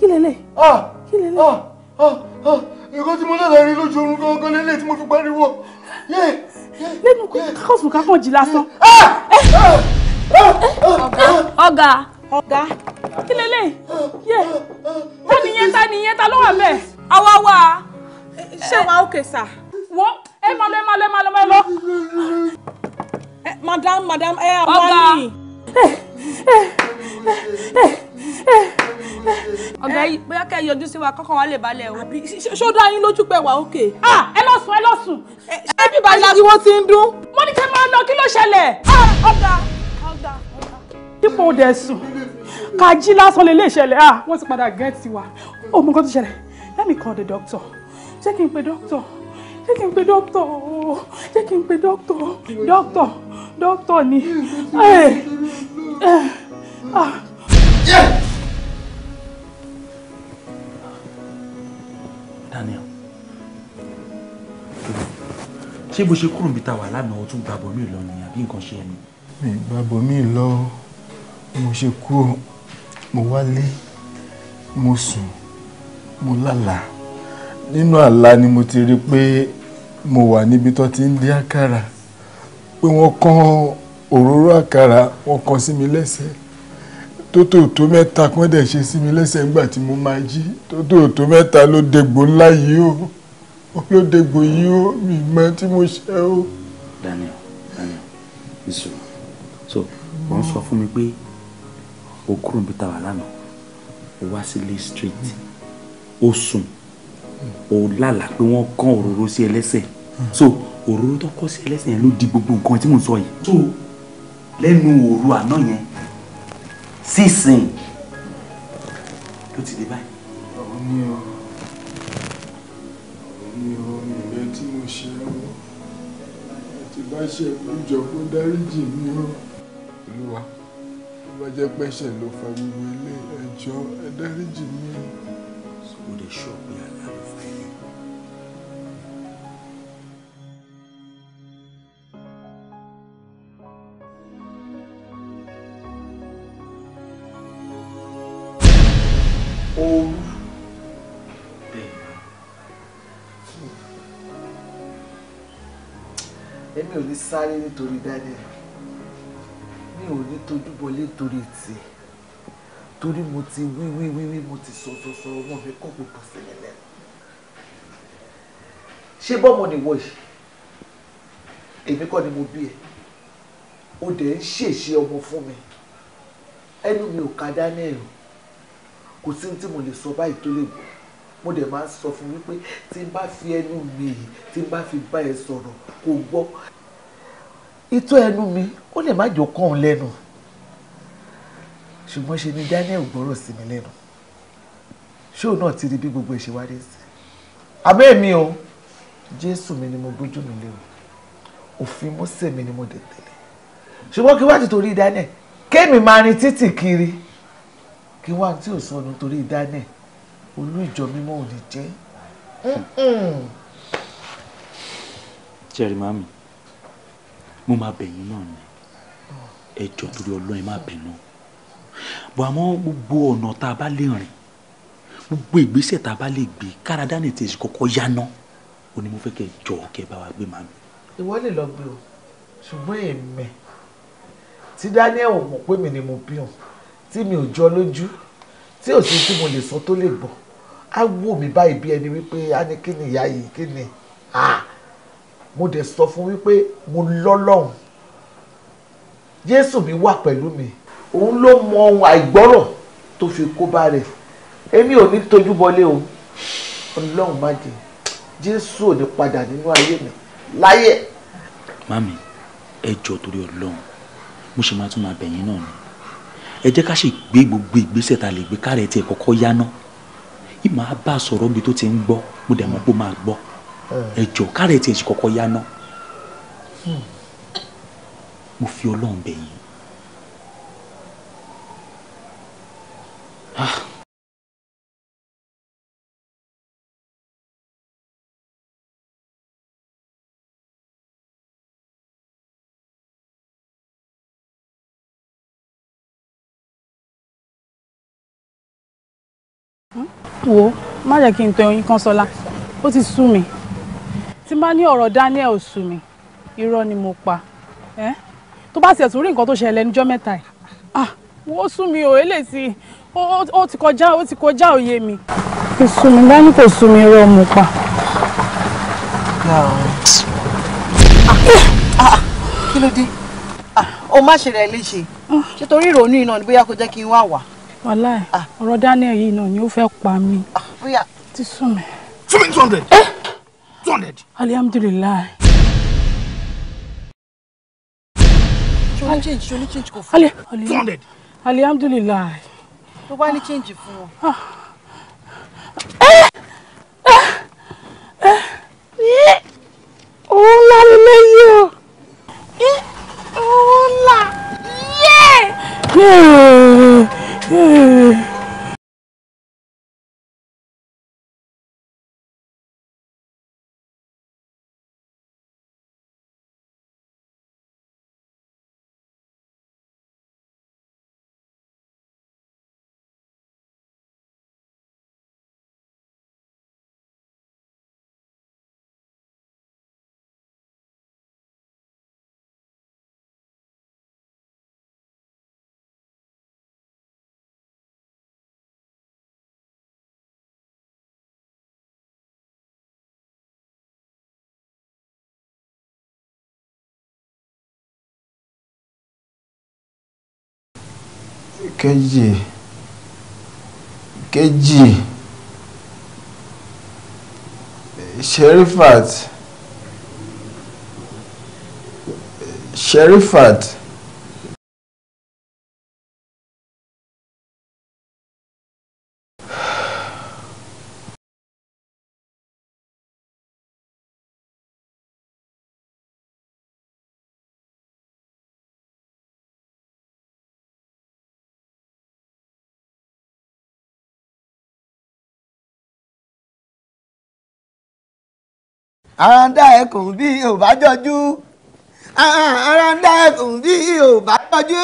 kí lélẹ̀ ah! kí lélẹ̀. Ah! Ah! nǹkan tí mo lọ́la rí lójú oorun gangan lélẹ̀ tí mo fi pariwo. lẹ́nu kọ́sùn ká kàn jí lásán. Eh? Eh? ọ̀gá ọ̀gá kí lélẹ̀ yẹ ta nìyẹn ta nìyẹn ta ló wà bẹ́ẹ̀ àwa wà ṣé wàá òkè sà. sí wa kọ́kọ́ wa lè balẹ̀ o. ṣó dá yín lójú pé wà òkè. ẹ lọ sùn ẹ lọ sùn. ṣé bíbá la ariwo ti ń dún. mo ní kí n máa lọ kí ló ṣẹlẹ̀. ọ̀dà ọ̀dà ọ̀dà. dípò dẹ̀ sùn ká jí lásán lè lè ṣẹlẹ̀ ah wọ́n ti padà gẹ́ẹ̀tì wa ó mọ nǹkan tó ṣẹlẹ̀ let me call the doctor ṣé kí n pe doctor ṣé kí n pe doctor ooo ṣé kí n pe doctor doctor doctor ni. Ah. ṣé bó ṣe kúrò níbi tá a wà lánàá o tún gbàgbọ́ mi lọ ni àbí nǹkan ṣe ẹni. mi gbàgbọ́ mi lọ mo ṣe kúrò mo wálé mo sùn mo lálàá nínú àlá ni mo ti rí i pé mo wà níbi tó ti ń dín àkàrà pé wọ́n kán òróró àkàrà wọ́n kán sí mi lẹ́sẹ̀ tótòótó mẹ́ta kán ṣe sí mi lẹ́sẹ̀ nígbà tí mo máa jí tótòótó mẹ́ta ló dégbò ńlá yìí o olódègbò yìí ó mi mọ tí mo ṣe ó. Daniel Daniel nisun so mo ń sọ fún mi pé o kúrò níbi táwa lánàá o wá sílé street o sùn o lálà pé wọ́n kán òróró sí ẹlẹ́sẹ̀ so òróró tó kọ́ sí ẹlẹ́sẹ̀ yẹn ló di gbogbo nǹkan tí mo sọ yìí so lẹ́nu òru àná yẹn sísìn ló ti dé báyìí ìròyìn rẹ tí mo ṣe ó àti bá ṣe ìjọ kó dáríjì mi ó olúwa tó bá jẹ́ pẹ́ṣẹ̀ ló fa gbogbo ilé ẹjọ́ ẹ dáríjì mi ó. o lè ṣọ́ pé ló fa Oh. mi ò ní sáré nítorí Daniel mi ò ní tójú bọ nítorí tiẹ̀ torí mo ti wí wí wí wí mo ti sọ sọ sọ wọn fi kọ́ gbogbo sílẹ̀ lẹ́nu ṣé bọ́mọ nìwọ yìí èmi kọ́ ni mo bí ẹ o dẹ̀ ń ṣèṣe ọmọ fún mi ẹnu mi ò ka Daniel kò sí tí mo lè sọ báyìí tó lè gbọ́ mo dẹ̀ máa ń sọ fún wípé tí n bá fi ẹnu mi yìí tí n bá fi bá ẹ sọ̀rọ̀ kò gbọ́ itọ́ ẹnu mi ó lè má jò kàn án lẹ́nu ṣùgbọ́n ṣe ni Daniel gbọ́rọ̀ sí mi lẹ́nu ṣóò náà ti rí bí gbogbo ẹ̀ ṣe wá dé sí abẹ́ mi o Jésù mi ni mo gbójú mi lé o òfin Mósè mi ni mo dẹ̀ tẹ̀lé ṣùgbọ́n kí wá ti torí Daniel kémi máa rin títì kiri kí wá tí ò sọnù torí Daniel olú ìjọ mímọ́ ò ní jẹ́. jẹ́rìí màmí mo máa bẹ̀yìn náà ni ẹ jọ torí ọlọ́run ẹ má bínú bọ̀ àmọ́ gbogbo ọ̀nà tá a bá lè rìn gbogbo ìgbésẹ̀ tá a bá lè gbé káradá ní tèsí kọ́kọ́ yáná o ní mo fẹ́ kẹ́ jọ kẹ́ bá wa gbé màmí. ìwọ lè lọ gbé o ṣùgbọ́n èmi tí Daniel ò mọ̀ pé mi ni mo bí òun tí mi ò jọ lójú tí ò sí tí mo lè sọ tó lè gbọ́ á wò mí báyìí bí ẹni wípé á ní kí ni ìyá yìí kí ni mo dẹ̀ sọ fún wípé mo lọ́lọ́run Jésù mi wà pẹ̀lú mi òun ló mọ ohun àìgbọ́rọ̀ tó fi kó bá rẹ̀ èmi ò ní tójú bọlé o ọlọ́run má jẹ́ Jésù ò ní padà nínú ayé mi láyé. mami ẹ jọ torí ọlọ́run mo ṣe máa tún máa bẹ̀yìn náà ni ẹ jẹ́ ká ṣe gbé gbogbo ìgbésẹ̀ ta lè gbé kárẹ̀ tiẹ̀ kọ́kọ́ yá ná ìmọ̀ á bá a sọ̀rọ̀ bí tó ti ń gbọ́ mo dẹ̀ mọ́ pé máa gbọ́ ẹjọ kárẹ̀ tiẹ̀ sì kọ́kọ́ yá ná hmm. mo fi ọlọ́run bẹ̀ yín. Ah. wo má jẹ́ kí n tọ yín kan sọ́lá ó ti sú mi tí n bá ní ọ̀rọ̀ Daniel oṣù mi irọ́ ni mo pa ẹ́ tó bá tiẹ̀ tún rí nǹkan tó ṣẹlẹ̀ níjọ́ mẹ́ta ẹ̀ ah wọ́n sún mi ò eléyìí ó ti kọjá ó ti kọjá òye mi. ìsùn mi dání kò sún mi irọ́ mo pa. kí ló dé o má ṣe rẹ̀ léṣe ṣe torí ìrònú iná ni bóyá kò jẹ́ kí n wá wà. wàláì ọ̀rọ̀ Daniel yìí náà ni ó fẹ́ pa mí. bóyá ti sún mi. two hundred two hundred. alihamudulilayi. ṣọlá change ṣọlá change kò fún mi. two hundred. alihamudulilayi. tó bá change fún wọn. Ah. Eh! Eh! Eh! òun ńlá ni lẹ́yìn o kejì kejì Sherifat Sherifat. ara ń dá ẹkùn bí ò bá jọjú ara ń dá ẹkùn bí ò bá jọjú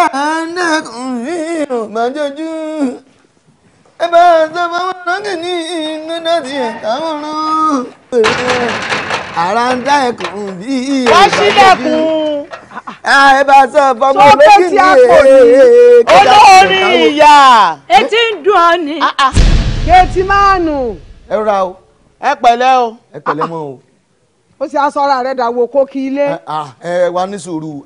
ara ń dá ẹkùn bí ò bá jọjú ẹ bá tó bá wọn lókè ní gbọdọ ti ẹka wọn lọ. ara ń dá ẹkùn bí ò bá jọjú ẹ bá tó bá lókè ní èèkì. olórí ìyá etí ń dùn ọ ni. Ah, ah. kí ẹ ra o ẹ pẹ̀lẹ́ o. ẹ pẹ̀lẹ́ mọ́ o. ó sì aṣọra rẹ̀ dàwọ̀ kó kí ilé. ẹ wá ní sùúrù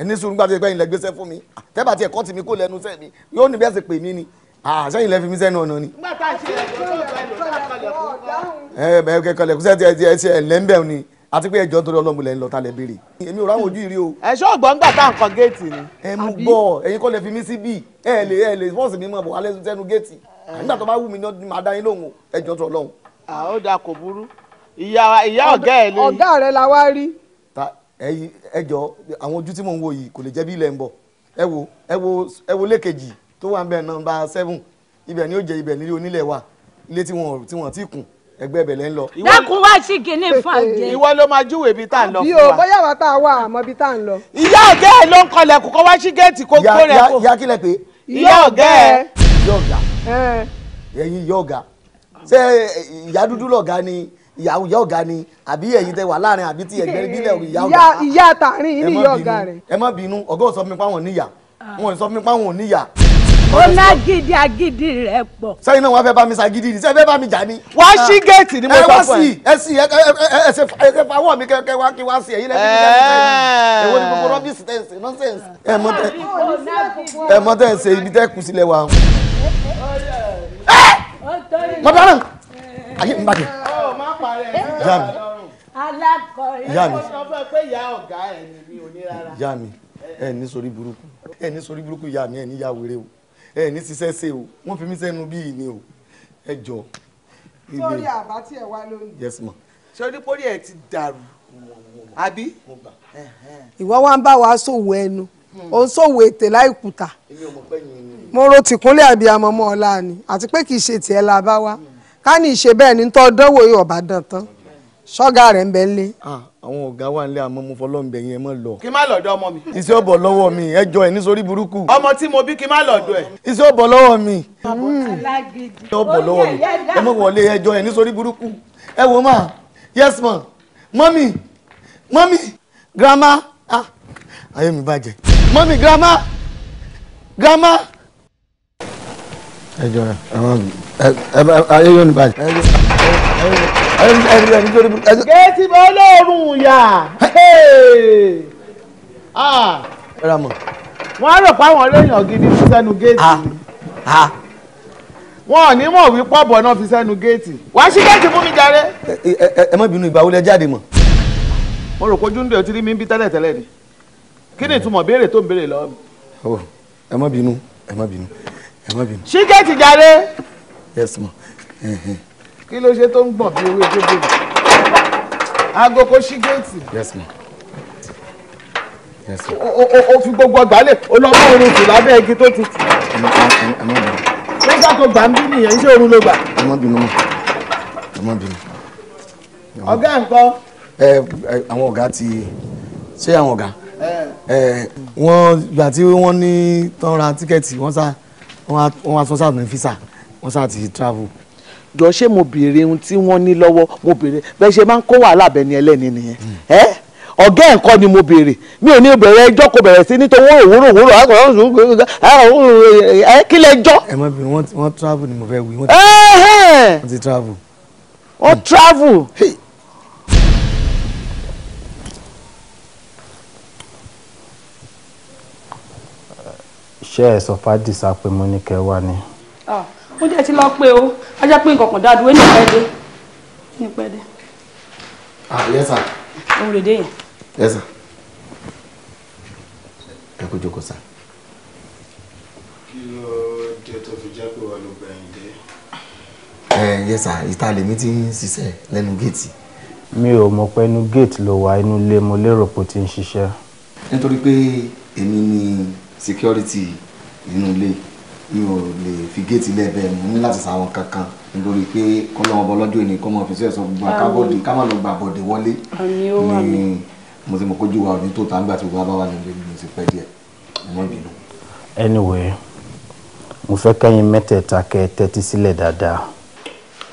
ẹ ní sùúrù gbàdúrà ìgbẹ́yìn lẹ́gbẹ́sẹ̀ fún mi tẹ́bà tí ẹ̀kọ́ tèmi kò lẹ́nu sẹ́ mi yóò ní bẹ́ẹ̀ sì pè mí ni sẹ́yìn lẹ́ fi mí sẹ́nu ọ̀nà ni. nígbà tá a ṣe ẹ̀jọ́ tó ń bá ẹ̀lọ́ àti pé ẹjọ́ torí ọlọ́mù lẹ́yìn lọ́ta lẹ́ béèrè. èmi ò ráwọ̀ ojú ìrí o. ẹ̀ṣọ́ ọ̀gbọ́n gbà tá à ń kan géètì ni. ẹ mú bọ̀ ẹ̀yin kọ́ lẹ fi mí sí bíi ẹ lè ẹ lè fọ́ọ̀sì mi mọ̀ alẹ́ sẹ́nu géètì. nígbà tó bá wù mí ni màá dá yín lóhùn ẹjọ́ tó ọlọ́hùn ó dáa kò burú ìyá ọ̀gá ẹ̀ lè. ọ̀gá rẹ̀ la wá rí. ẹ jọ àwọn ojú tí mò ń wo yìí kò lè jẹ́ bí ilẹ̀ ń bọ̀ ẹ wo ẹ wo ẹ wo lẹ́kejì tó wà ń bẹ̀ nọ́mbà seven ibẹ̀ ni ó jẹ́ ibẹ̀ nílé onílẹ̀ wa ilé tí wọ́n tí wọ́n ti kùn ẹgbẹ́ bẹ̀lẹ̀ ń lọ. dákun wá sí kinní fún àjẹ. ìwọ ló máa júwèé ibi tá à ń lọ fún wa. àbí o bóyá wa tá a wà àmọ́ ibi tá à ń lọ. ìyá ọ̀gá ẹ̀ ló ń kọlẹ̀ kó kọ́ wá sí géètì kó kó rẹ̀ kó. ìyá kílẹ̀ pé. ìyá ọ̀gá ẹ̀. ìyá ọ̀gá ẹ̀yin ìyá ọ̀gá ṣé ìyá dúdú lọ̀gá ni ìyá ìyá ọ̀gá ni àbí ẹ̀yin tẹ wà láàrin àbí ti ẹ̀gbẹ́ ìbílẹ̀ ìyá ọ̀gá. ìyá àtàrin yìí ni ìyá ọ̀gá rẹ̀. ẹ má bínú ọ̀gá ò sọ fún mi páwọn níyà ah. wọn ò sọ fún mi páwọn níyà. ó ní agídí agídí rẹ pọ̀. sẹ́yìn náà wọ́n fẹ́ bá mi sagídí ni sẹ́yìn fẹ́ bá mi jà ni. wá ah. sí géètì ni mo eh, sọ fún ẹ. ẹ sí ẹ sí ẹ ṣe fawọ́ mi kẹ́kẹ́ wá kí wá sí ẹ̀yin lẹ́yìn ẹ̀ mọ́tẹ́ ẹ̀ ṣe ibi tẹ́ kù sílẹ̀ wa má bá ràn ayé ń bàjẹ́. ìyá mi ìyá ẹ ní sórí burúkú ẹ ní sórí burúkú ìyá ẹ ní ya wèrè o ẹ ní ṣiṣẹ́ ṣe o wọ́n fi mí sẹ́nu bíi ni o ẹ jọ. sórí àbá tí ẹ wá lónìí. yes ma. sórí pórí ẹ ti dàrú Abi? ìwọ wá ń bá wa sòwò ẹnu ó ń ṣòwò ètè láìkùtà mo ro tìkúnlẹ̀ àbí amọ̀mọ́ ọ̀la ni àti pé kì í ṣe tiẹ̀ la bá wá ká ní ìṣe bẹ́ẹ̀ ni tó dánwò yóò bá dán tán ṣọ́gà rẹ̀ ń bẹ lé. àwọn ọ̀gá wà nílé àmọ́ mo fọlọ́run bẹ̀ yẹn mọ́ lọ. kí má lọ́dọ̀ ọmọ mi. iṣẹ́ ọ̀bọ̀ lọ́wọ́ mi ẹjọ́ ẹ̀ nítorí burúkú. ọmọ tí mo bí kí má lọ́dọ̀ ẹ̀. iṣẹ́ ọ̀bọ̀ lọ́wọ́ mi. iṣẹ́ ọ̀bọ̀ lọ́wọ́ mi ẹ wọlé ẹjọ́ ẹ̀ nítorí burúkú. ẹ wo yes ma mọ́mì mọ́mì grandma ah ayé mi bàjẹ́ mọ́mí grandma grandma. ẹ jọ̀ọ́ ẹ ẹ yóò ní báyìí. géètì bá ọlọ́run yà wọ́n á rò pé àwọn èèyàn gidi fi sẹ́nu géètì ni wọn ò ní mọ̀ wí pọ̀bọ̀ náà fi sẹ́nu géètì wá sí géètì fún mi jàre. ẹ má bínú ìgbà wo lẹ jáde mọ́. mo rò pé ojú ń dè ọtí rí mi ń bí tẹ́lẹ̀ tẹ́lẹ̀ ni kí ni ìtumọ̀ béèrè tó ń béèrè lọ́wọ́ mi. ọ ẹ má bínú ẹ má bínú ẹ má bínú. ṣíkẹ́ẹ̀tì jáde. yes ma. kí ló ṣe tó ń gbọ̀n bí ewé tó bèrè. aago kó ṣíkẹ́ẹ̀tì. yes ma. yes ma. o fi gbogbo ọgbà lè o lọ mú oorun tù lábẹ́ igi tó tutù. ẹ má bínú. nígbà tó gbà ń bí nìyẹn ṣé oorun ló gbà. ẹ má bínú ma ẹ má bínú. ọ̀gá ẹ̀ ń kọ́. ẹ àwọn ọ̀gá ti ṣé àwọn ọ̀gá wọ́n gbà tí wọ́n ní tán ra tíkẹ́ẹ̀tì wọ́n sá wọ́n wá sọ sáà ní físà wọ́n sá ti travel. jọ ṣé mo béèrè ohun tí wọ́n ní lọ́wọ́ mo béèrè bẹ́ẹ̀ ṣe máa ń kó wàhálà bẹ́ni ẹlẹ́ni nìyẹn ọ̀gá ẹ̀ kọ́ ni mo béèrè mi ò ní bẹ̀rẹ̀ ẹjọ́ kò bẹ̀rẹ̀ sí nítorí wúrò wúrò wúrò ẹ kí lẹ jọ́. ẹ má bínú wọ́n travel ni mo fẹ́ wí wọ́n ti travel. wọ́n travel ṣé ẹ sọ fàdísà pé mo ní kẹ wá ni. Ah, mo jẹ́ ti lọ pé o a jẹ́ pé nǹkan kan dáadúró ní ìpẹ́ ní ìpẹ́ dé. ah yes sir. òun lè dé yẹn. yes sir. ẹ kó jókòó sá. kí ló dé tó fi jẹ́ pé wà ló gbẹ̀yìn dé. ẹ eh, yes sir ìta lèmi ti ń ṣiṣẹ́ lẹ́nu géètì. mi ò mọ̀ pé inú géètì ló wà inú ilé mo lérò pé ó ti ń ṣiṣẹ́. nítorí pé èmi ni security nínú ilé mi ò lè fi géètì ilé ẹbẹ mi ní láti sàwọn kankan nítorí pé kọlọ́wọ́n bọ́ lọ́jọ́ ìní kọ́mọ fi sẹ́sọ gbogbo àkábọ̀dé ká má lọ gba àbọ̀dé wọlé ni mo ti mọ̀ kójú wa òní tó tà nígbà tí wọ́n bá wà nílé mi ti pẹ́ díẹ̀ mo bínú. anyway mo fẹ́ kẹ́yin mẹ́tẹ̀ẹ̀ta kẹ́ ẹ tẹ́tí sílẹ̀ dáadáa.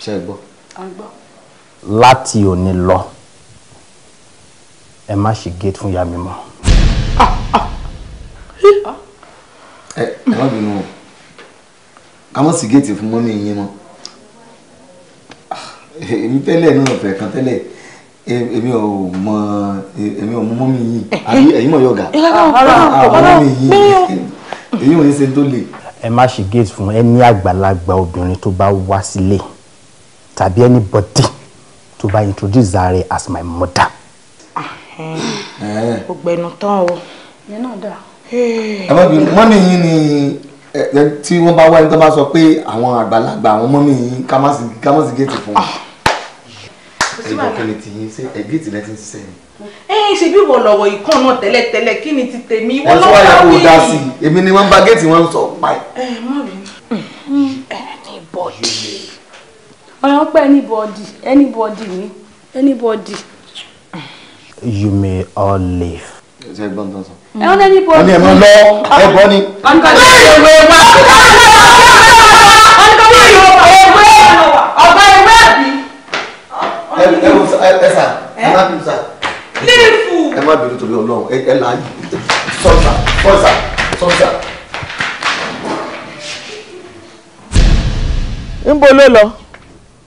ṣe é gbọ́. láti òní lọ ẹ má ṣe géètì fún ìyá mi mọ́. ẹ ẹ má bínú o ká mọ̀ sí géètì fún mọ́mí yín mọ́ ah, èmi tẹ́lẹ̀ náà fẹ́ kan tẹ́lẹ̀ èmi ò mọ èmi ò mọ mọ́mí yín àbí ẹ̀yin mọ̀ yọ̀gà mọ́mí yín ah, èyí ò ní ṣe tó lè. ẹ má ṣe géètì fún ẹni àgbàlagbà obìnrin tó bá wá sílé tàbí anybody tó bá introduce her as my mother. ọgbẹ́nu ah, tán o. ìyẹn náà dáa ẹ má bínú mọ́mì yín ni tí wọ́n bá wá ẹni tó bá sọ pé àwọn àgbàlagbà àwọn mọ́mì yín ká má sì géètì fún wọn. Ah. ẹ̀gbọ́n kí ni ti yín ṣe ẹ̀gẹ́tì lẹ́tí ń ṣiṣẹ́ ni. ẹ ṣe bí wọ́n lọ́wọ́ ìkan náà tẹ́lẹ̀tẹ́lẹ̀ kí ni ti tèmi wọ́n lọ́wọ́ àwọn èèyàn. ẹ̀ tó dá sí i èmi ni wọ́n bá géètì wọn sọ báyìí. ẹ má bínú ẹ ní bọ́ọ̀dì ọ̀yàn pé anybody anybody ni anybody. you may all live ẹ̀wọ̀n ẹni bọ̀ ọ́nì ẹ̀mọ lọ ẹ̀bọ ni. ẹ má bínú torí Ọlọ́run ẹ là á sọ́ọ̀sà sọ́ọ̀sà sọ́ọ̀sà. ń bo ló lọ.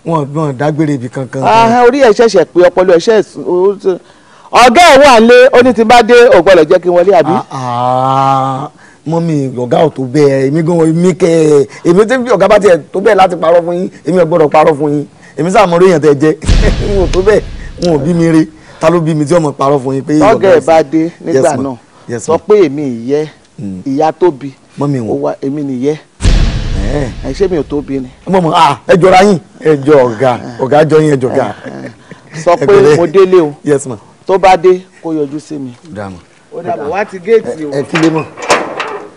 wọn gbọ́n dágbére ibì kankan. orí ẹ̀ ṣẹ̀ṣẹ̀ pé ọpọlọ ẹ̀ ṣẹ̀ ọ̀gá ẹ̀ wà lé ó ní ti bá dé ò gbọ́dọ̀ jẹ́ kí n wọlé àbí. Ah, ah, mọ́mì ọ̀gá ò tó bẹ́ẹ̀ èmi gan èmi kẹ́ ẹ̀ èmi tí ọ̀gá bá tiẹ̀ tó bẹ́ẹ̀ láti parọ́ fún yín èmi ò gbọ́dọ̀ parọ́ fún yín èmi sáà mọ orí èèyàn tẹ́ jẹ́ n ò tó bẹ́ẹ̀ n ò bí mi rí ta ló bí mi tí ọmọ parọ́ fún yín pé ọ̀gá ẹ̀ bá dé nígbà náà sọ pé èmi ìyẹ́ hmm. ìyá tóbi ó wá èmi nìyẹ́ eh. ẹ mi ò tóbi ni. mọ̀mọ́ ah ẹ jọra yín ẹ jọ ọ̀gá eh. ọ̀gá jọ yín ẹ jọ ọ̀gá. Eh. sọ pé mo délé o. yes ma tó bá dé kó yọjú sí mi. ó dàbọ̀ wá ti géètì o. ẹ kí lè mọ̀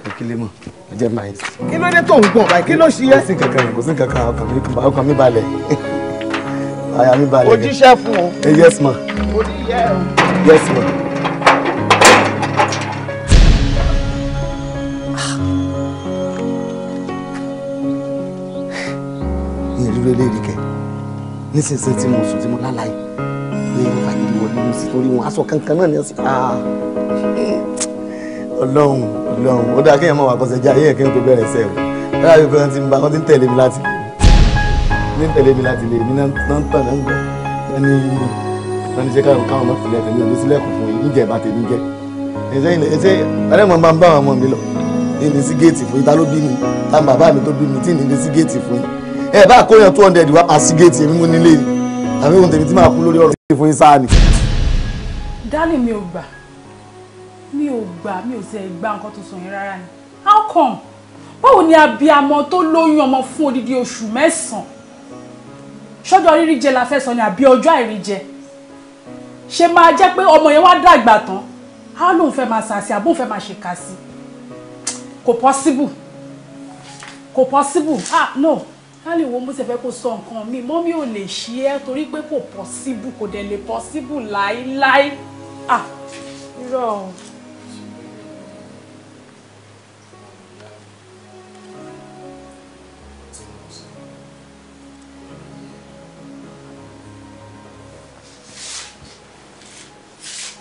ẹ kí lè mọ̀ ẹ jẹ́ máa ń sìn. kí ló dé tó ń gbọ̀n báyìí kí ló ṣiyẹ́. kò sí kankan kò sí kankan ọkàn mi balẹ̀ àyà mi balẹ̀. ojíṣẹ́ fún eh, o. yes ma. oníyẹ ah. o. yes ma. ìrírí eléyìí kẹ nísinsìnyí tí mo sùn tí mo lálàyé lórí ìfàgídí burú sí torí wọn aṣọ kankan náà ni wọ́n sì ah ọlọ́run ó dáa kéèyàn máa wà kọsẹ̀ jẹ́ ayé ẹ̀kẹ́ tó bẹ̀rẹ̀ sẹ́ẹ̀ o lára bí wọ́n ti ń ba wọ́n ti ń tẹ̀lé mi láti lè ní tẹ̀lé mi láti lè ní náà ń tàn náà ẹni wọ́n ní ṣe káwọn káwọn máa filẹ̀ tẹ̀lé omi sílẹ̀kùn fún yín ìjẹ́ ìbá tèmi jẹ́ ẹ̀ṣẹ́ ẹ̀ṣẹ́ ẹlẹ́mọ̀ máa ń bá àwọn ọmọ mi lọ ní sí géètì fún yín ta ló bí mi ta bàbá mi tó bí mi tí ní ní sí géètì fún yín ẹ bá àkóyàn two hundred wá pa sí géètì èmi mú nílé yìí àmì ohun tèmi tí máa kú lórí ọ̀rọ̀ fún yín sáà ni dálì mi ò gbà mi ò gbà mi ò sì gba nǹkan tó sọ yẹn rárá ni how come báwo ni abiyamọ tó lóyún ọmọ fún odidi oṣù mẹ́sàn-án ṣọ́jọ́ rírí jẹ la fẹ́ sọ ni àbí ọjọ́ àìrí jẹ ṣe máa jẹ́ pé ọmọ yẹn wá dàgbà tán á lóun fẹ́ máa sàṣì àbóun fẹ́ máa ṣèkà sí kò possible kò possible ah no káàlì wo mo ṣe fẹ́ kó sọ nǹkan mi mọ́ mi ò lè ṣí ẹ́ torí pé kò possible kò dẹ̀ lè possible láéláé ah irọ́ o.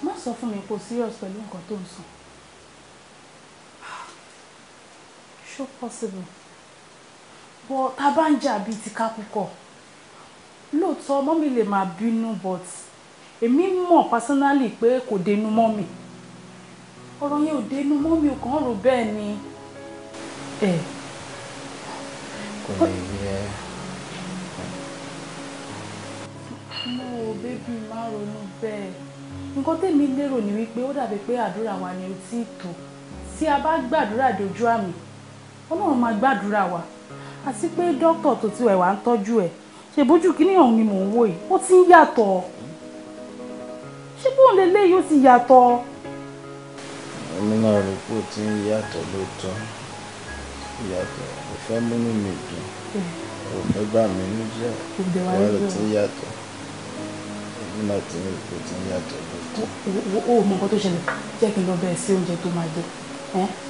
má sọ fún mi kò serious pẹ̀lú nǹkan tó ń sọ ah, so possible but tá a bá ń jà bíi ti ká púpọ̀ lóòótọ́ mọ́mí lè máa bínú but èmi mọ̀ personally pé kò dénú mọ́ mi ọ̀rọ̀ yẹn ò dénú mọ́ mi ò kàn rò bẹ́ẹ̀ ni. kò lè yẹ. mo ò bébí má ronú bẹ́ẹ̀ nǹkan tèmi lérò ni wípé ó dàbí pé àdúrà wa ni ó ti tó tí a bá gbàdúrà dojú àmì ọlọ́run máa gbàdúrà wa àti pé dókítà tó ti wẹ̀ wá ń tọ́jú ẹ̀ ṣèbójú kínní ọ̀hún ni mò ń wò yìí ó ti ń yàtọ̀ ọ́ ṣé bóun lè léyìí ó ti yàtọ̀. èmi náà rí pò tí ìyàtọ̀ ló tọ́ ìyàtọ̀ kò fẹ́ múnú mi dùn kò fẹ́ bà mí ní jẹ́ wà ló ti yàtọ̀ èmi náà ti rí pò tí ìyàtọ̀ ló tọ́. o mọ nǹkan tó ṣẹlẹ̀ jẹ́ kí n lọ bẹ̀rẹ̀ sí oúnjẹ tó máa jẹ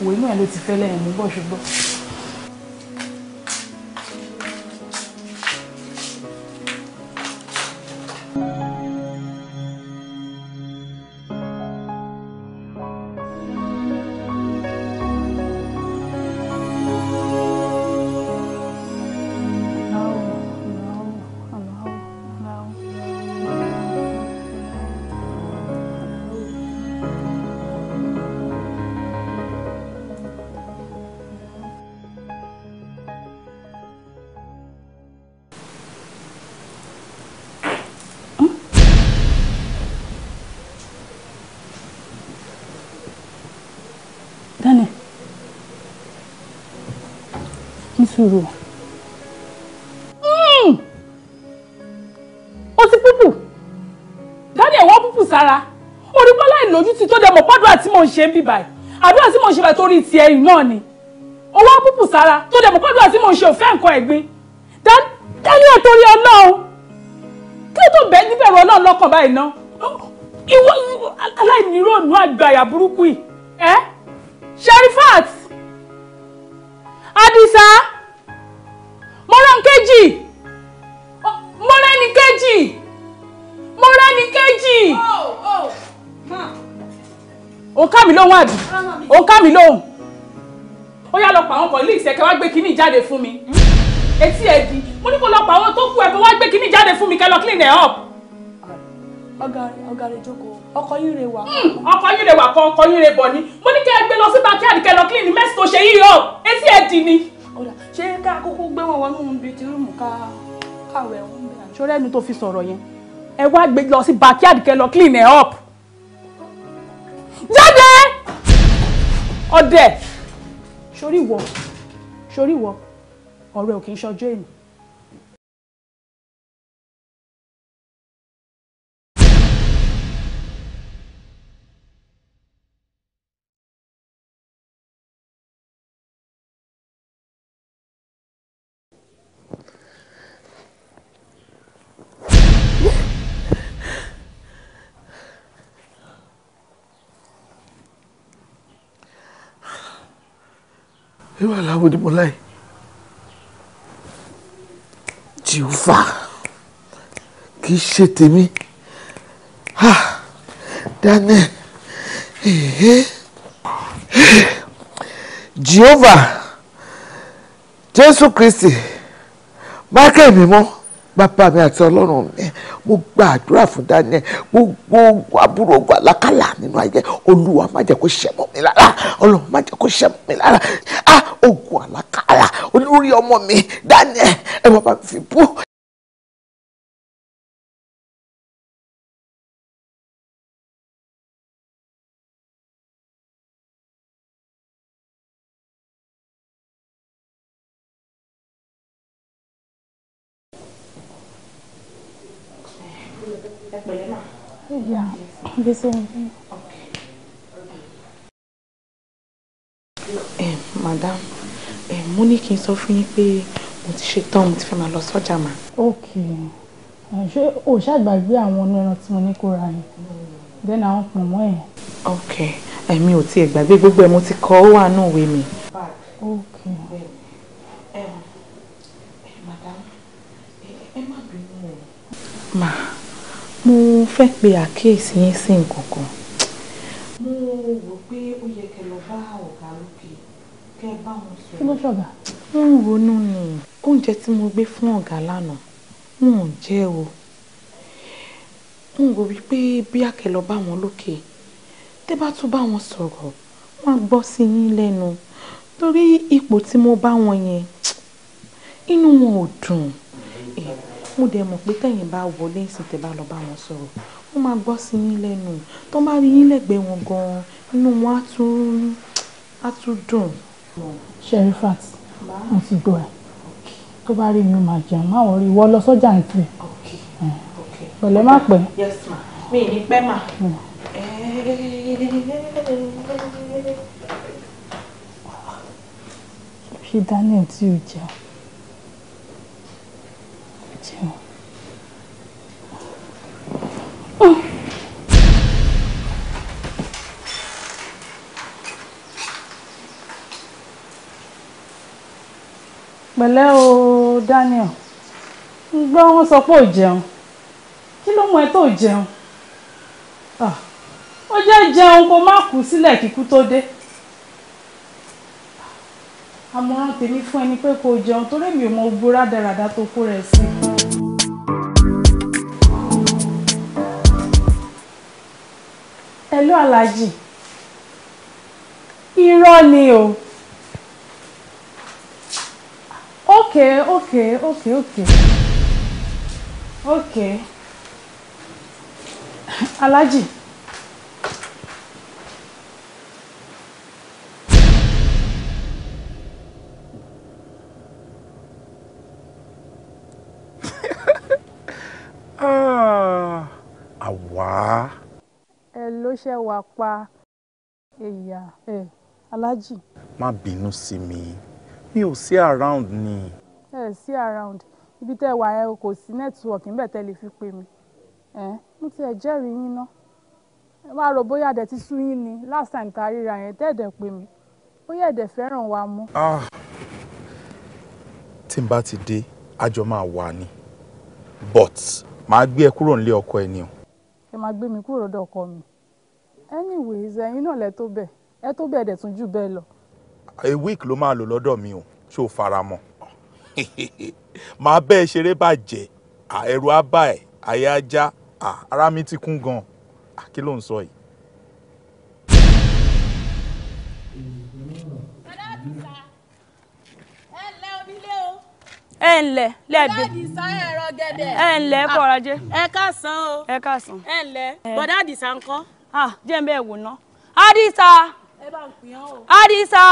òwe inú ẹ̀ ló ti fẹ́ lẹ́yìn mú bọ̀ ṣùgbọ́n. sùúrù hmm. o ti púpù dáadé ẹ̀wọ́n púpù sára orí bọ́lá ìlójútì tó dẹ̀ mọ̀ pọ́dúrà tí mò ń ṣe ń bì báyìí àdúrà tí mò ń ṣe báyìí torí ti ẹ̀yìn náà ni owó púpù sára tó dẹ̀ mọ̀ pọ́dúrà tí mò ń ṣe òfẹ́ nǹkan ẹ̀gbin dáadé ẹ̀ torí ọlọ́run kí ló tó bẹ́ẹ̀ níbẹ̀rù ọlọ́run lọ́kàn báyìí ná ìwọ aláìníròònú àgbàyà burúkú yìí ẹ́ Sherifat Adisa. o ká mi lóhùn àbí o ká mi lóhùn ó yá lọ pa àwọn police ẹ kẹ́ wá gbé kinní jáde fún mi etí ẹ di mo ní kó lọ pa àwọn tó kú ẹ wá gbé kinní jáde fún mi kẹ́ lọ clean ẹ up. ọ̀gá rẹ ọ̀gá rẹ jókòó ọkọ yín rè wà. Hmm, ọkọ yín rè wà kọ ọkọ yín rè bọ̀ ni mo ní kẹ́ ẹ gbé lọ sí backyard kẹ́ lọ clean mess tó ṣe yí up etí ẹ di ni. ọ̀dà ṣé ká kúkú gbé wọn wọnú bìtì rúùmù ká káwé ọ̀hún bẹ́ẹ̀. ṣọlá ẹni tó fi sọ̀rọ̀ yẹn ẹ wá gbé lọ sí backyard kẹ́ lọ clean ẹ up jáde ọdẹ sórí ìwọ sórí ìwọ ọ̀rẹ́ ò kì í irú aláwo ni mo láì jìúfà kì í ṣe tèmi daniel jehovah jésù kristi michael mímọ́ bàbá mi àti ọlọ́run mi mo gba àdúrà fún daniel gbogbo àbúrò ogun àlákàlà nínú ayé olúwa má jẹ́ kó ṣẹ mọ́ mi lára ọlọ́run má jẹ́ kó ṣẹ mọ́ mi lára Ah lórí ọmọ mi Daniel ẹ wọ́n bá fi bú. Yeah, this one. Okay. Eh, madam mo ní kí n sọ fún yín pé mo ti ṣetán mo ti fẹ́ máa lọ sọ́jà mà. ok ṣé o ṣàgbàgbé àwọn ọ̀nà ẹran tí mo ní kó ra yẹn then àwọn pọ̀ mọ́ ẹ̀. ok èmi ò tiẹ̀ gbàgbé gbogbo ẹ̀ mo ti kọ́ ó wà náà wé mi. ok ẹ má bínú o. mà mo fẹ́ pe àkíyèsí yín sí nǹkan kan. mo rò pé ó yẹ kẹ́ bá ọ̀ kí ló ṣọ̀gá. ó ń ronú ni oúnjẹ tí mo gbé fún ọ̀gá lánàá wọn ò jẹ́ o n rò wípé bí àkẹlọ bá wọn lókè tẹ́ bá tún bá wọn sọ̀rọ̀ wọn gbọ́ sí yín lẹ́nu torí ipò tí mo bá wọn yẹn inú wọn ò dùn mo dẹ̀ mọ̀ pé tẹ̀yìn bá wọlé ìsìn tẹ́ bá lọ bá wọn sọ̀rọ̀ wọ́n máa gbọ́ sí yín lẹ́nu tó bá rí yín lẹ́gbẹ̀ẹ́ wọn gan inú wọn á tún á tún dùn. Sherifat mo ti gbọ́ ẹ̀ tó bá rí mi máa jẹun má wọ́n rí wọ́ lọ sọ́jà ń tì pẹ̀lẹ́ má pẹ́. Yes ma mi ní pẹ́ mà. ṣé hmm. Daniel tí ò jẹun jẹun. pẹ̀lẹ́ o Daniel ń gbọ́ wọn sọ pé ò jẹun kí ló mú ẹ tó jẹun ó jẹ́ jẹun kó má kú sílẹ̀ kíkú tó dé àmọ̀ràn tèmi fún ẹni pé kó jẹun torí mi ò mọ gbogbo rádaràda tó kó rẹ̀ sí Elu Hello Alhaji irọ́ ni o. okay okay okay okay okay Alhaji. awa. Ah, ẹ ló ṣe wà pa ẹ̀yà ẹ̀ aláàjì. má bínú sí mi mi ò sí around ni ẹ sí around ibi tẹ́ wà ẹ kò sí network ńbẹ̀ tẹ́ lè fi pè mí ẹ mo tiẹ̀ jẹ́rìí yín ná ẹ máa rò bóyá ẹ̀dẹ̀ ti sú yín ni last time tá a ríra yẹn tẹ́ ẹ̀dẹ̀ pè mí bóyá ẹ̀dẹ̀ fẹ́ràn wa mọ́. Ah! tí n bá ti dé àjọ máa wà ní but màá gbé ẹ kúrò nílé ọkọ ẹ ni o. ẹ máa gbé mi kúrò lọ́dọ̀ ọkọ mi anyways ẹ̀yin náà lẹ tó bẹ̀ ẹ tó bẹ̀ ẹ̀dẹ̀ tún jù bẹ́ẹ̀ lọ. a week ló máa lò lọ́dọ̀ mi o ṣó o fara mọ́. màá bẹ́ẹ̀ ṣeré bàjẹ́ ẹ̀rù á bà ẹ́ àyà ara mi ti kún gan kí ló ń sọ yìí. ẹ ǹlẹ́ lẹ́ẹ̀bi ẹ ǹlẹ́ kọ́ ọ̀rọ̀ ajé. ẹ káàsán o ẹ káàsán. ẹ ǹlẹ́ bọ̀dá àdìsá ń kọ́. jẹ́ ń bẹ́ẹ̀ wò ná. àdìsá àdìsá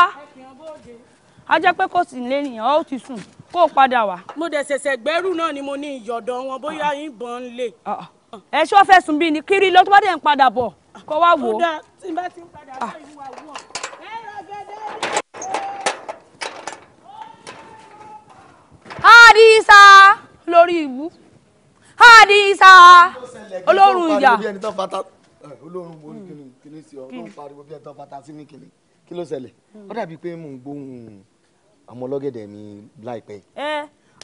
a pé kò sí lé nìyẹn ti sùn kó o padà wá. mo dẹ̀ ṣẹ̀ṣẹ̀ gbẹ́rù náà ni mo ní ìyọ̀dọ̀ wọn bóyá ìbọn ah. ń lè. Ah, ah. ẹ̀ṣọ́ fẹ̀sùn bíi ní kiri ló tó bá dẹ̀ ń padà bọ̀ kó wá wò ó. kódà tí n bá ti ń padà bọ̀ ìwà wọ̀. Àdìsá lórí ìbú Àdìsá olórun ìyá. Eh, olórun wo kí ló ṣẹlẹ̀ ó dàbí pé mò ń gbóhùn ọmọ ọlọ́gẹ̀dẹ̀ mi láìpẹ́. ẹ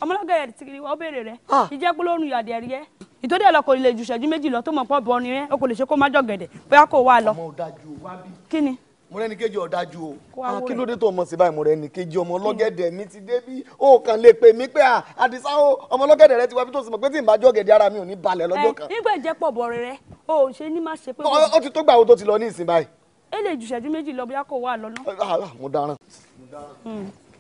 ọmọ ọlọ́gẹ̀dẹ̀ tìrì wọ́n béèrè rẹ ah! ìjẹ́ pé lóorùn ìyàdẹ̀ rí ẹ ìtòdí ẹ̀ lọ kò lè ju ìṣẹ́jú méjì lọ tó mọ̀ pọ̀ bọ́ ni rẹ o kò lè ṣe kó má jọ̀gẹ̀dẹ̀ bóyá kò wá lọ. ọmọ ọ̀dájú wá bí. kí ni mo rẹ́ni kejì ọ̀dájú o ah, kí ló dé tó ọmọ sí báyìí mo rẹ́ni kejì ọmọ ọlọ́gẹ̀dẹ̀ mi ti dé bí o kàn lè pè mí pé àdìsá o ọmọ ọlọ́gẹ̀dẹ̀ rẹ ti wá bí tó sì mọ̀ pé tí ìbá jọ́ gẹ̀dẹ̀ ara mi ò ní balẹ̀ lọ́jọ́ kan. nígbà ìjẹ́ pọ̀ bọ̀ rẹ o ò ṣe ní má ṣe pé. ó ti tó gbà wo tó ti lọ ní ìsìn báyìí. ẹ lè ju ìṣẹ́jú méjì lọ bí a kò wà lọ́nà. mo dáràn. Hmm.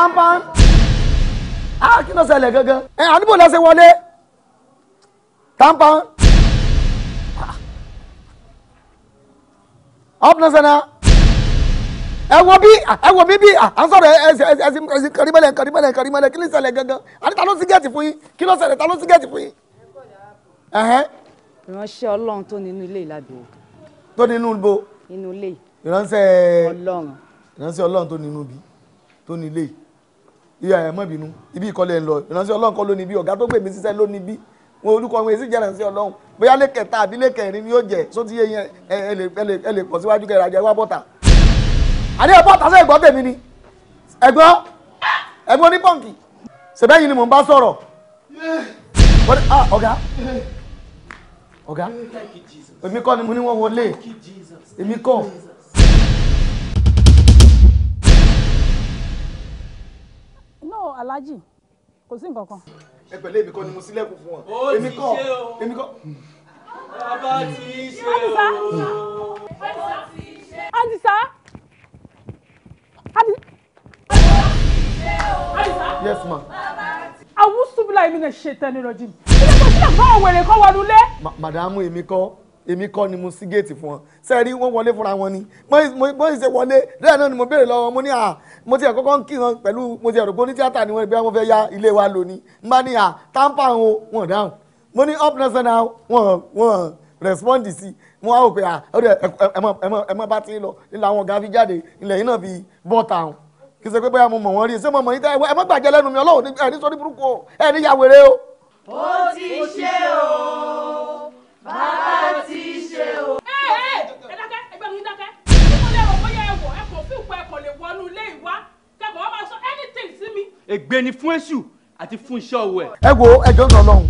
pánpán á kí ló ṣẹlẹ̀ gangan ẹ àdúgbò lọ́sẹ̀ wọlé pánpán ọ̀pọ̀lọsẹ̀nà ẹ wo bí ẹ wo bí bí à ń sọ̀rọ̀ ẹsìn ẹsìn kàrímẹ́lẹ̀ kàrímẹ́lẹ̀ kàrímẹ́lẹ̀ kí ló ṣẹlẹ̀ gangan àti ta ló sí gẹ̀ẹ́tì fún yín kí ló ṣẹlẹ̀ ta ló sí gẹ̀ẹ́tì fún yín. ìránṣẹ́ ọlọ́run tó nínú ilé ìlàbẹ̀ o. tó nínú ibo. inú ilé. ìránṣẹ́ ọlọ́run. ìránṣẹ́ ọlọ́run tó nínú ibi tó ní ilé yìí ìyá ẹ̀ mọ́ bínú ibi ìkọlẹ̀ ń lọ ìránṣẹ́ ọlọ́run kọ́ ló ní bí ọ̀gá tó gbè mí síṣẹ́ ló ní bí wọn olùkọ́ wọn èsì jẹ́ràn sí ọlọ́run bóyá lẹ́kẹ̀ẹ́ta àbí lẹ́kẹ̀ẹ́rin ni yóò jẹ́ só ti yé yẹn ẹ lè pọ̀ síwájú kẹrẹ ajá wá bọ́tà. àdé bọ́tà sẹ́ ẹ̀gbọ́n tèmi ni ẹ̀gbọ́n ẹ̀gbọ́n ní pọ́ǹkì ṣèbẹ́yìn ni mò ń bá sọ̀rọ̀. ọ̀gá ọ̀gá èmi kọ́ ni mo ní wọ́n wọlé èmi kọ́. aláàjì kò sí nǹkan kan. ẹ pẹ̀lú èmi kọ́ ni mo sílẹ̀kùn fún ọ. ó ti ṣe o èmi kọ́. bàbá ti ṣe o. àdìsá. àdìsá. Yes, ma. Awúsùbìlà èmi náà ṣe tẹnirọ̀jì. Kí ló kọ́ sílẹ̀ fún àwọn èrè kọ́ wọnú lé? Màdàmú èmi kọ́ èmi kọ́ ni mo ṣí géètì fún wọn sẹ́ẹ̀rí wọ́n wọlé fúnra wọn ni mo ṣe wọlé lẹ́yìn náà ni mo béèrè lọ́wọ́ mo ní à mo ti ẹ̀kọ́kọ́ ń kí pẹ̀lú mo ti ẹ̀rọ pé onítíátà ni wọ́n bí wọ́n fẹ́ ya ilé wa lónìí n bá ní à táǹpà wọn wọn dáhùn mo ní up next now wọn wọn respond sí mo wá wò pé à ẹ mọ bá ti lọ ilé àwọn ọ̀gá fi jáde ilẹ̀ yìí náà fi bọ́ta wọn kì í ṣe pé bóyá mo mọ̀ wọ́n rí ṣé mo mọ̀ yín tẹ́ ẹ mọ́ gbàjẹ́ lẹ́nu mi ọlọ́run ẹ̀ ní sọ́dí burúkú ẹ̀ ní yàwèrè o. ó ti ṣe o bàbá ti ṣe o. ẹ ẹ ẹ dákẹ́ ẹgbẹ́ mi dákẹ́ mo lè rò bóyá ẹ wọ̀ ẹ kò fi ìpò lè wọnú ilé ìwá kẹ́kọ̀ọ́ máa sọ anything sí mi. ègbé ni fún èṣù àti fún iṣẹ́ ọwọ́ ẹ̀. ẹ wo ẹjọ́ ń lọ́lọ́run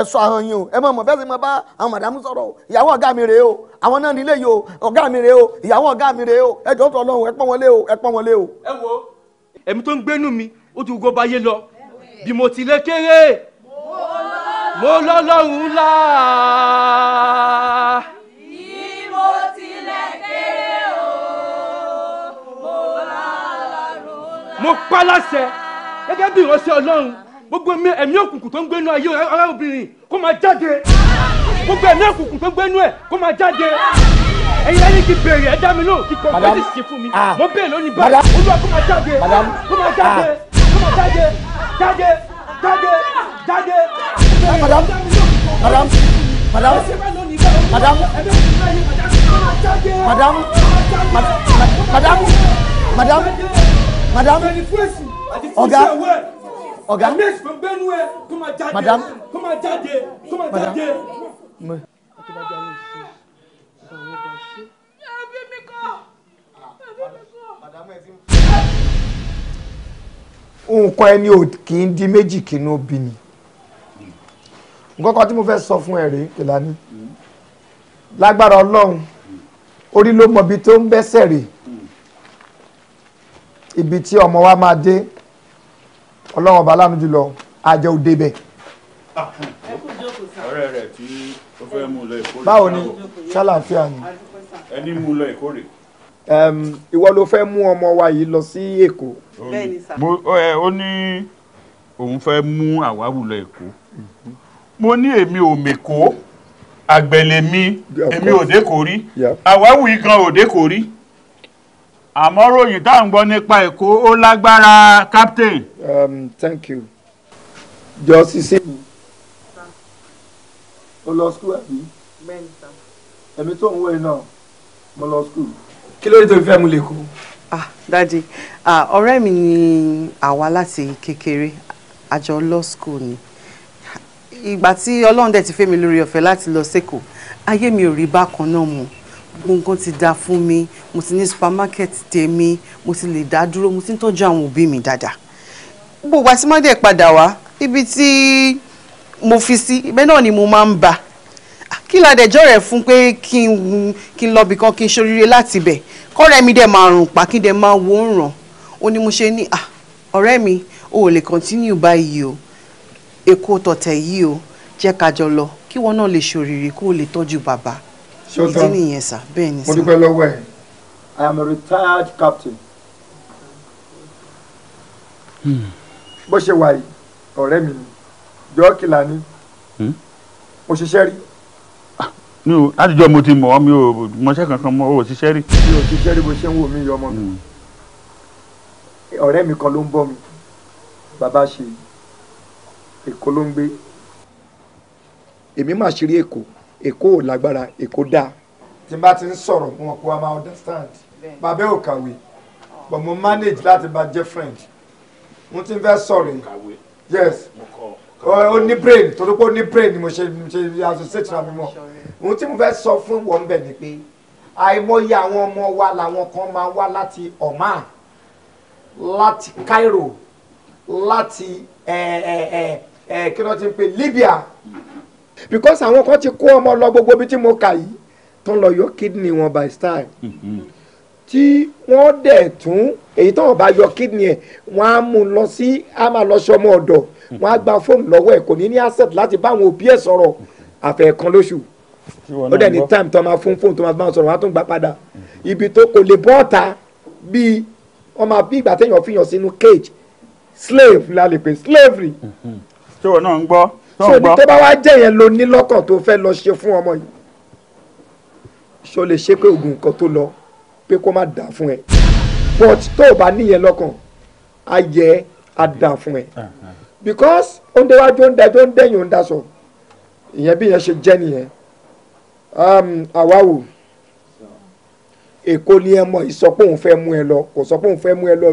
ẹ sọ ahọ́n yín o ẹ mọ̀ mọ̀ bẹ́ẹ̀ sì máa bá àwọn màdàmú sọ̀rọ̀ o ìyàwó ọ̀gá mi rèé o àwọn náà nílé yìí o ọ̀gá mi rèé o ìyàwó ọ̀gá mi rèé o ẹjọ́ ń lọ́lọ́run ẹ pọ́n wọn o ẹ pọ́n wọn o. ẹ wo èmi tó ń gbénu mi ó ti gbogbo báyé lọ bí mo ti lé kéré mo lọ́lọ́run ńlá. mo pa láṣẹ gẹ́gẹ́ bí ìránṣẹ́ ọlọ́run gbogbo ẹ̀mí òkùnkùn tó ń gbénu ayé arábìnrin kó máa jáde gbogbo ẹ̀mí òkùnkùn tó ń gbénu ẹ̀ kó máa jáde ẹ̀yin lẹ́yìn kí bèrè ẹ mi lóhùn kí kọ̀ọ̀kan lè ṣe fún mi ah. mo bèrè lónìí báyìí olúwa kó máa jáde kó máa jáde ah. kó máa jáde jáde jáde jáde madam madam madam madam madam madam madam madam ọ̀gá ọ̀gá madam madam. nǹkan ẹni ò kì í di méjì kí inú bí ni nǹkan kan tí mo fẹ́ sọ fún ẹ rèé Kèlání lágbára ọlọ́run orí ló mọ ibi tó ń bẹ́sẹ̀ rè ibi tí ọmọ wa máa dé ọlọ́run ọba lánàá jùlọ àjẹ òde bẹ̀. ọ̀rẹ́ rẹ̀ tí ó fẹ́ mú lọ ìkórè. báwo ni ṣàlàáfíà ni. ẹni mú lọ ìkórè. ìwọ ló fẹ́ mú ọmọ wa yìí lọ sí èkó. bẹ́ẹ̀ ni ó ní òun fẹ́ mú àwáwù lọ èkó mo ní èmi ò mèkó àgbẹ̀lẹ̀ mi èmi ò dé kò rí àwáwí gan ò kò rí àmọ́ ròyìn tá à ń gbọ́ nípa Èkó ó lágbára captain. Um, thank you. jọ ṣiṣẹ́ mi o lọ skul àbí ẹ̀mí tó ń wọ iná mo lọ skul kí ló dé tó fi fẹ́ mu lẹ́kọ̀ọ́. ah dadi ah ọ̀rẹ́ mi ni àwa láti kékeré àjọ law school ni ìgbà tí ọlọ́run dẹ̀ ti fẹ́ mi lórí ọ̀fẹ́ láti lọ sẹ́kọ̀ọ́ ayé mi ò rí bákan náà mu gbogbo nǹkan ti da fún mi mo ti ní supermarket tèmi mo ti lè dá dúró mo ti ń tọ́jú àwọn òbí mi dáadáa bó wa ti má dẹ̀ padà wá ibi tí mo fi sí ibẹ̀ náà ni mo máa ń bá kí ládẹjọ́ rẹ̀ fún pé kí n kí n lọ́bì kan kí n ṣoríire láti bẹ̀ kọ́rẹ́ mi dẹ̀ máa rùn pa kí n dẹ̀ máa wò ó ràn ó ní mo ṣe ní ọ̀rẹ́ mi ò lè continue báyìí o èkó tọ̀tẹ̀ yìí o jẹ́ ká jọ lọ kí wọn náà lè ṣòrìrì kó lè tọ́jú bàbá ìdí nìyẹn sà bẹ́ẹ̀ ni sà. mo dúpẹ́ lọ́wọ́ ẹ̀. I am a retired captain. Hmm. bó ṣe wà yìí ọ̀rẹ́ mi ni jọ́ọ̀kìlà ni hmm? mo ṣiṣẹ́ rí. Ah, mi ò látijọ́ mo ti mọ̀ ọ́ mi ò mọṣẹ́ kankan mọ́ ò ṣiṣẹ́ rí. mi ò ṣiṣẹ́ rí bó ṣe ń wò mí yọmọ mi hmm. ọ̀rẹ́ mi kan ló ń bọ́ mi bàbá ṣe yìí èkó ló ń gbé èmi máa ṣeré èkó èkó ò lágbára èkó dáa tí n bá ti ń sọ̀rọ̀ mo mọ̀ pé wàá máa understand bàbá ò kàwé but mo manage láti bá jẹ́ friend mo ti fẹ́ sọ̀rọ̀ yes ó ní brain torí pé ó ní brain ni mo ṣe ṣe associate ra mi mọ̀ ohun tí mo fẹ́ sọ fún wọn bẹ̀ ni pé àìmọye àwọn ọmọ wa làwọn kan máa wá láti Oman láti Cairo láti eh, eh, eh, ẹ kí wọ́n ti pè Libya because àwọn kan ti kó ọmọ lọ gbogbo ibi tí mo kà yìí tó ń lọ yọ kidney wọn by style mm-hmm. tí wọ́n dẹ̀ tún èyí tó wọ́n bá yọ kidney ẹ̀ wọ́n á mú un lọ sí á máa lọ sọmọ ọ̀dọ̀ wọ́n á gba fóònù lọ́wọ́ ẹ̀ kò ní ní asset láti bá àwọn òbí ẹ̀ sọ̀rọ̀ àfẹ̀ẹ̀kan lóṣù ó dẹ̀ ní time tó máa fún fóònù tó máa bá wọn sọ̀rọ̀ wọ́n á tún gbà padà mm-hmm. ibi tó kò lè bọ́ ọ̀tá bíi wọ́n máa bí ìgbà téèyàn fi yàn sínú cage slave la lè pè slavery mm-hmm ṣé wọn náà ń gbọ́. ṣé ní tó bá wá jẹ́ yẹn lo ní lọ́kàn tó fẹ́ lọ ṣe fún ọmọ yìí ṣó lè ṣe pé oògùn nǹkan tó lọ pé kó má dà fún ẹ but tó o bá níyẹn lọ́kàn á yẹ á dà fún ẹ because ó ń déwájú ó ń dájú ó ń dẹ́yìn ó ń daṣọ ìyẹn bí yẹn ṣe jẹ́ nìyẹn um, àwa wò èkó ni ẹ mọ ìsọ pé òun fẹ́ mú ẹ lọ kò sọ pé òun fẹ́ mú ẹ lọ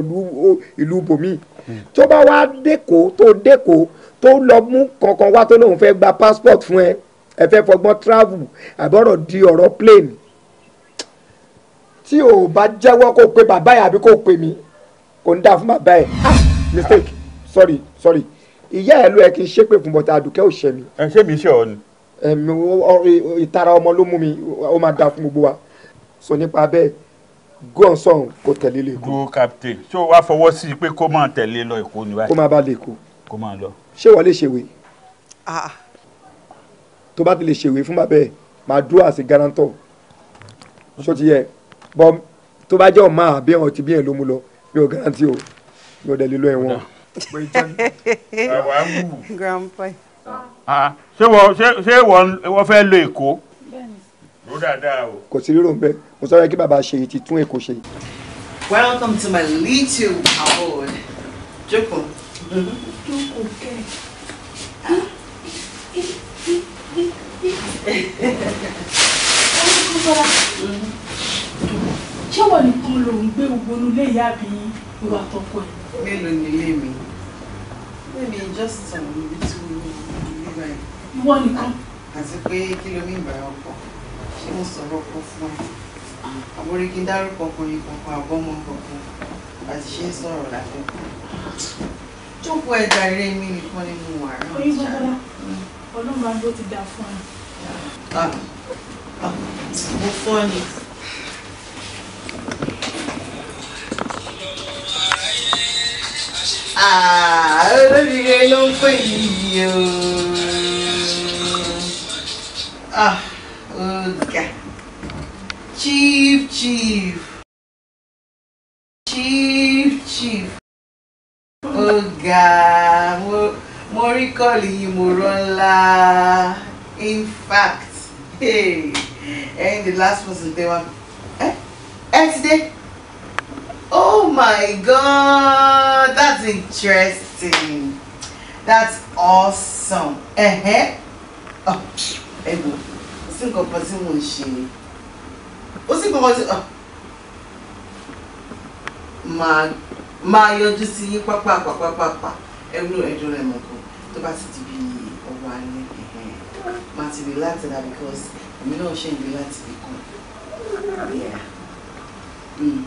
ìlú bòmíì hmm. tó bá wá dẹ́kọ̀ọ́ tó dẹ́kọ̀ọ́ tó lọ mú kankan wá tó lóun fẹ́ gba passport fún ẹ ẹ fẹ́ fọgbọ́n travel àbọ̀rọ̀ di ọ̀rọ̀ plane tí o bá jẹ́wọ́ kó pe bàbá yẹn àbí kó pe mi kò ń dà fún bàbá yẹn ah mistake sorry sorry ìyá ẹ ló yẹ kí n ṣépè fún bọ́tà àdùkẹ́ òṣè mi. ẹ ṣé mi ṣe ọ ni. ẹmi ìtara ọmọ ló mú mi ó máa da fún gbogbo wa sọ nípa bẹ́ẹ̀ gún ọ̀sán kò tẹ̀lé lẹ́kọ̀ọ́. go captain ṣé o wá fọwọ́ sí i pé kó máa tẹ̀lé lọ Èkó ni báyìí. kó máa bá lẹ́kọ̀ọ́. kó máa lọ ṣé wọ́n lè ṣèwé ah. tó bá ti lè ṣèwé fún bàbá ẹ̀ máa dúró àti garanto ṣó ti yẹ bọ́ tó bá jẹ́ ọ̀ma àbí ẹ̀hàn ti bí ẹ̀ ló mú lọ mi ò garanti o mi ò dẹ̀ lè lọ ẹ̀wọ̀n. Ah, ṣé wọ́n fẹ́ lo èkó ló dáadáa o. kò sí rírò ń bẹ mo sọ yẹ kí bàbá ṣe ti tún èkó ṣe. welcome to my little abode joko kò kẹ́ ṣé wọ́n nìkan ló ń gbé ogbonú lé ìyá àbí ìwà àtọ́kọ ẹ̀. mélòó ni ilé mi maybe just um, two nígbà yìí. ìwọ nìkan. àti pé kí ló ní ìgbà ọkọ ṣé mo sọ̀rọ̀ ọkọ fún ẹ àbórí dárúkọ ọkùnrin kankan àbọ́mọ kankan àti ṣé ń sọ̀rọ̀ láfẹ́ jókòó ẹ̀dà eré mi nìkan ni mo wà náà. oyin gbọ́dọ̀ ti dà fún ẹ. Ah, ah, mo fọ́ ni. Ah, olóríire ló ń pè yìí o. chief chief chief chief mo ga mo rí kọ́ọ̀lì yìí mo rán ńlá in fact ẹ̀yin hey, the last person tẹ wá ẹ ti dé oh my god that's interesting that's awesome ẹ̀hẹ́ ẹ̀gbọ́n ó sì nǹkan kan tí mò ń ṣe ó sì nǹkan kan tí. Oh máa yọjú sí yín pápá pápá pápá ẹrú ẹjọ rẹ mọ kan tó bá ti di bí ọwọ́ alẹ́ máa ti rí láti rà because èmi náà ṣe ń gbé láti rí kan hmm.